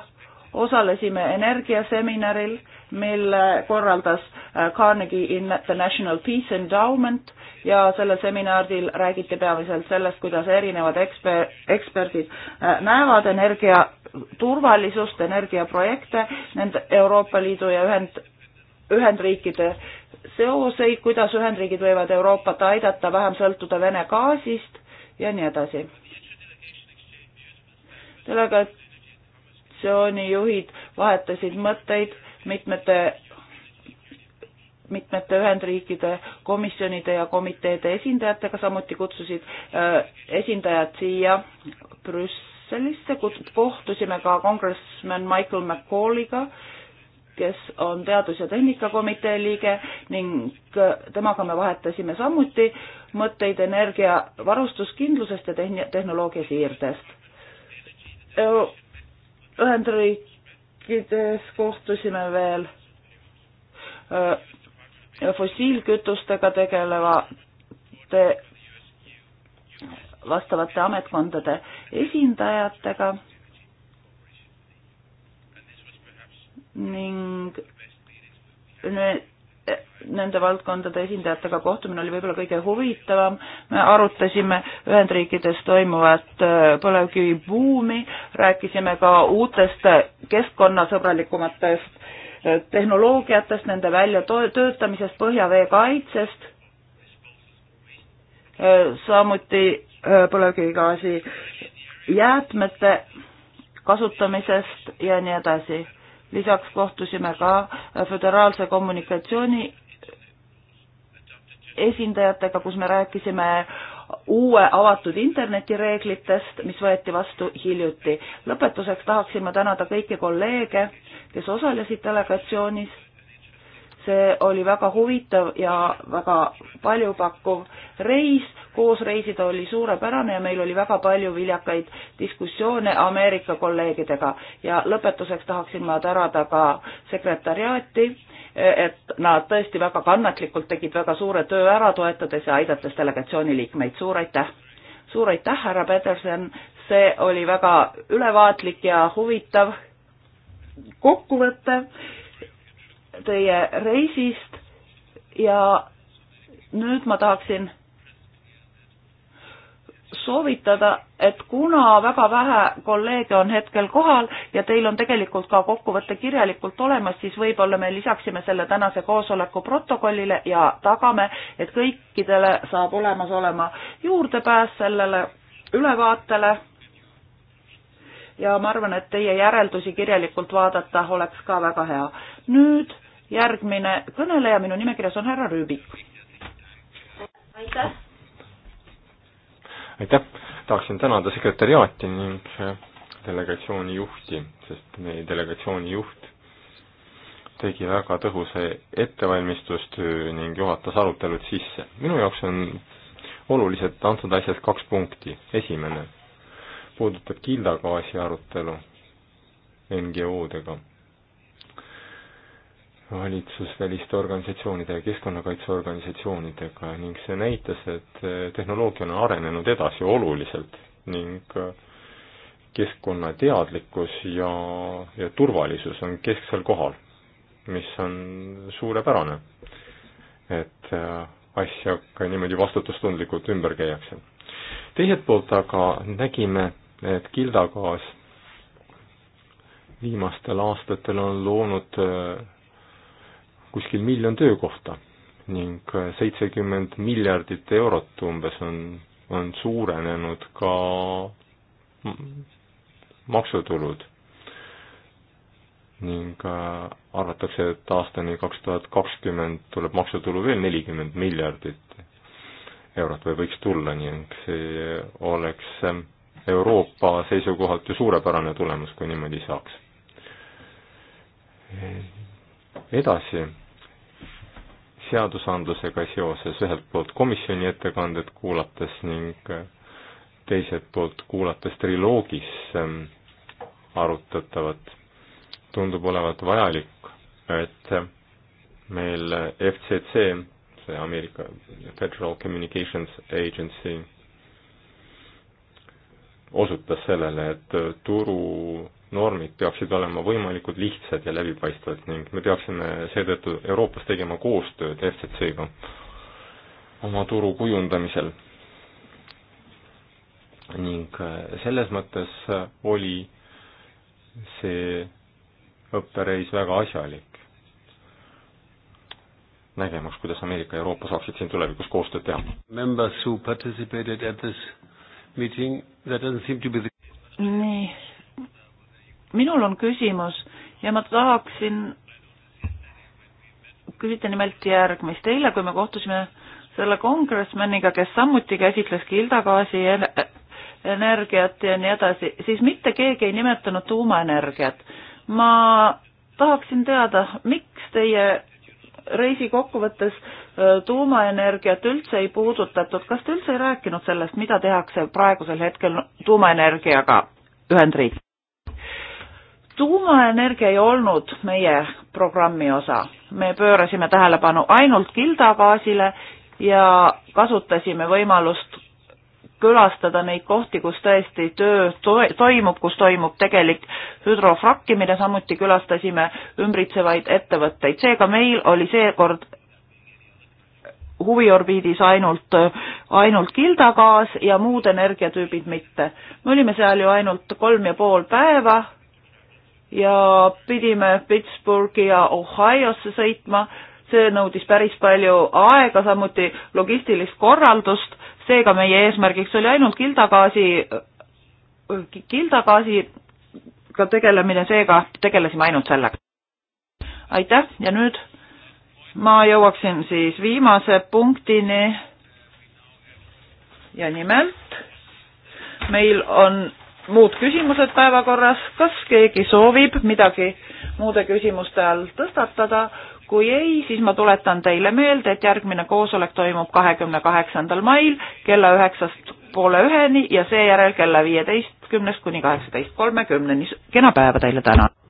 Speaker 4: osalesime energiaseminaril mille korraldas äh, Carnegie International Peace Endowment ja sellel seminaril räägiti peamiselt sellest, kuidas erinevad eksper-, eksperdid äh, näevad energia turvalisust, energiaprojekte, nende Euroopa Liidu ja ühend, Ühendriikide seoseid, kuidas Ühendriigid võivad Euroopat aidata vähem sõltuda Vene gaasist ja nii edasi. delegatsiooni juhid vahetasid mõtteid mitmete mitmete Ühendriikide komisjonide ja komiteede esindajatega, samuti kutsusid äh, esindajad siia Brüsselisse, kohtusime ka kongressman Michael McCalliga, kes on Teadus- ja Tehnikakomitee liige ning äh, temaga me vahetasime samuti mõtteid energia varustuskindlusest ja tehnoloogia siirdest. Äh, Ühendriik rääkides kohtusime veel äh, fossiilkütustega tegelevate vastavate ametkondade esindajatega ning me nende valdkondade esindajatega kohtumine oli võib-olla kõige huvitavam, me arutasime Ühendriikides toimuvat äh, põlevkivibuumi, rääkisime ka uutest keskkonnasõbralikumatest äh, tehnoloogiatest, nende väljatöötamisest, põhjavee kaitsest, äh, samuti põlevkivigaasi jäätmete kasutamisest ja nii edasi lisaks kohtusime ka Föderaalse Kommunikatsiooni esindajatega, kus me rääkisime uue avatud interneti reeglitest, mis võeti vastu hiljuti. lõpetuseks tahaksin ma tänada kõiki kolleege, kes osalesid delegatsioonis. see oli väga huvitav ja väga paljupakkuv reis koosreisid oli suurepärane ja meil oli väga palju viljakaid diskussioone Ameerika kolleegidega. ja lõpetuseks tahaksin ma tänada ka sekretariaati, et nad tõesti väga kannatlikult tegid väga suure töö ära, toetades ja aidates delegatsiooni liikmeid, suur aitäh! suur aitäh, härra Peterson, see oli väga ülevaatlik ja huvitav kokkuvõte teie reisist ja nüüd ma tahaksin soovitada, et kuna väga vähe kolleege on hetkel kohal ja teil on tegelikult ka kokkuvõte kirjalikult olemas, siis võib-olla me lisaksime selle tänase koosoleku protokollile ja tagame, et kõikidele saab olemas olema juurdepääs sellele ülevaatele. ja ma arvan, et teie järeldusi kirjalikult vaadata oleks ka väga hea. nüüd järgmine kõneleja minu nimekirjas on härra Rüübik.
Speaker 2: aitäh
Speaker 3: aitäh, tahaksin tänada sekretäriaati ning äh, delegatsiooni juhti, sest meie delegatsiooni juht tegi väga tõhusa ettevalmistustöö ning juhatas arutelud sisse. minu jaoks on olulised antud asjad kaks punkti. esimene puudutab kildagaasi arutelu NGO-dega valitsusväliste organisatsioonide ja keskkonnakaitseorganisatsioonidega ning see näitas, et tehnoloogia on arenenud edasi oluliselt ning keskkonnateadlikkus ja, ja turvalisus on kesksel kohal, mis on suurepärane, et asjaga niimoodi vastutustundlikult ümber käiakse. teiselt poolt aga nägime, et kildagaas viimastel aastatel on loonud kuskil miljon töökohta ning seitsekümmend miljardit eurot umbes on, on suurenenud ka maksutulud ning äh, arvatakse, et aastani kaks tuhat kakskümmend tuleb maksutulu veel nelikümmend miljardit eurot või võiks tulla ning see oleks äh, Euroopa seisukohalt ju suurepärane tulemus, kui niimoodi saaks edasi seadusandlusega seoses ühelt poolt komisjoni ettekandet kuulates ning teiselt poolt kuulates triloogis ähm, arutatavat, tundub olevat vajalik, et meil FCC, see Ameerika Federal Communications Agency, osutas sellele, et turu normid peaksid olema võimalikult lihtsad ja läbipaistvad ning me peaksime seetõttu Euroopas tegema koostööd FCC-ga oma turu kujundamisel. ning äh, selles mõttes äh, oli see õppereis väga asjalik, nägemaks, kuidas Ameerika ja Euroopa saaksid siin tulevikus koostööd teha.
Speaker 1: Members who participated at this meeting, that doesn't seem to be the nii
Speaker 4: minul on küsimus ja ma tahaksin küsida nimelt järgmist. eile, kui me kohtusime selle kongresmeniga, kes samuti käsitles kildagaasi energiat ja nii edasi, siis mitte keegi ei nimetanud tuumaenergiat. ma tahaksin teada, miks teie reisi kokkuvõttes äh, tuumaenergiat üldse ei puudutatud, kas te üldse ei rääkinud sellest, mida tehakse praegusel hetkel tuumaenergiaga Ühendriikides? tuumaenergia ei olnud meie programmi osa, me pöörasime tähelepanu ainult kildagaasile ja kasutasime võimalust külastada neid kohti, kus tõesti töö to toimub, kus toimub tegelik hüdrofrakkimine, samuti külastasime ümbritsevaid ettevõtteid, seega meil oli seekord huviorbiidis ainult, ainult kildagaas ja muud energiatüübid mitte. me olime seal ju ainult kolm ja pool päeva ja pidime Pittsburghi ja Ohiosse sõitma. see nõudis päris palju aega, samuti logistilist korraldust, seega meie eesmärgiks oli ainult kildagaasi, kildagaasiga tegelemine, seega tegelesime ainult sellega. aitäh ja nüüd ma jõuaksin siis viimase punktini ja nimelt meil on muud küsimused päevakorras, kas keegi soovib midagi muude küsimuste all tõstatada, kui ei, siis ma tuletan teile meelde, et järgmine koosolek toimub kahekümne kaheksandal mail kella üheksast
Speaker 1: poole üheni ja seejärel kella viieteistkümnest kuni kaheksateist kolmekümneni. kena päeva teile täna!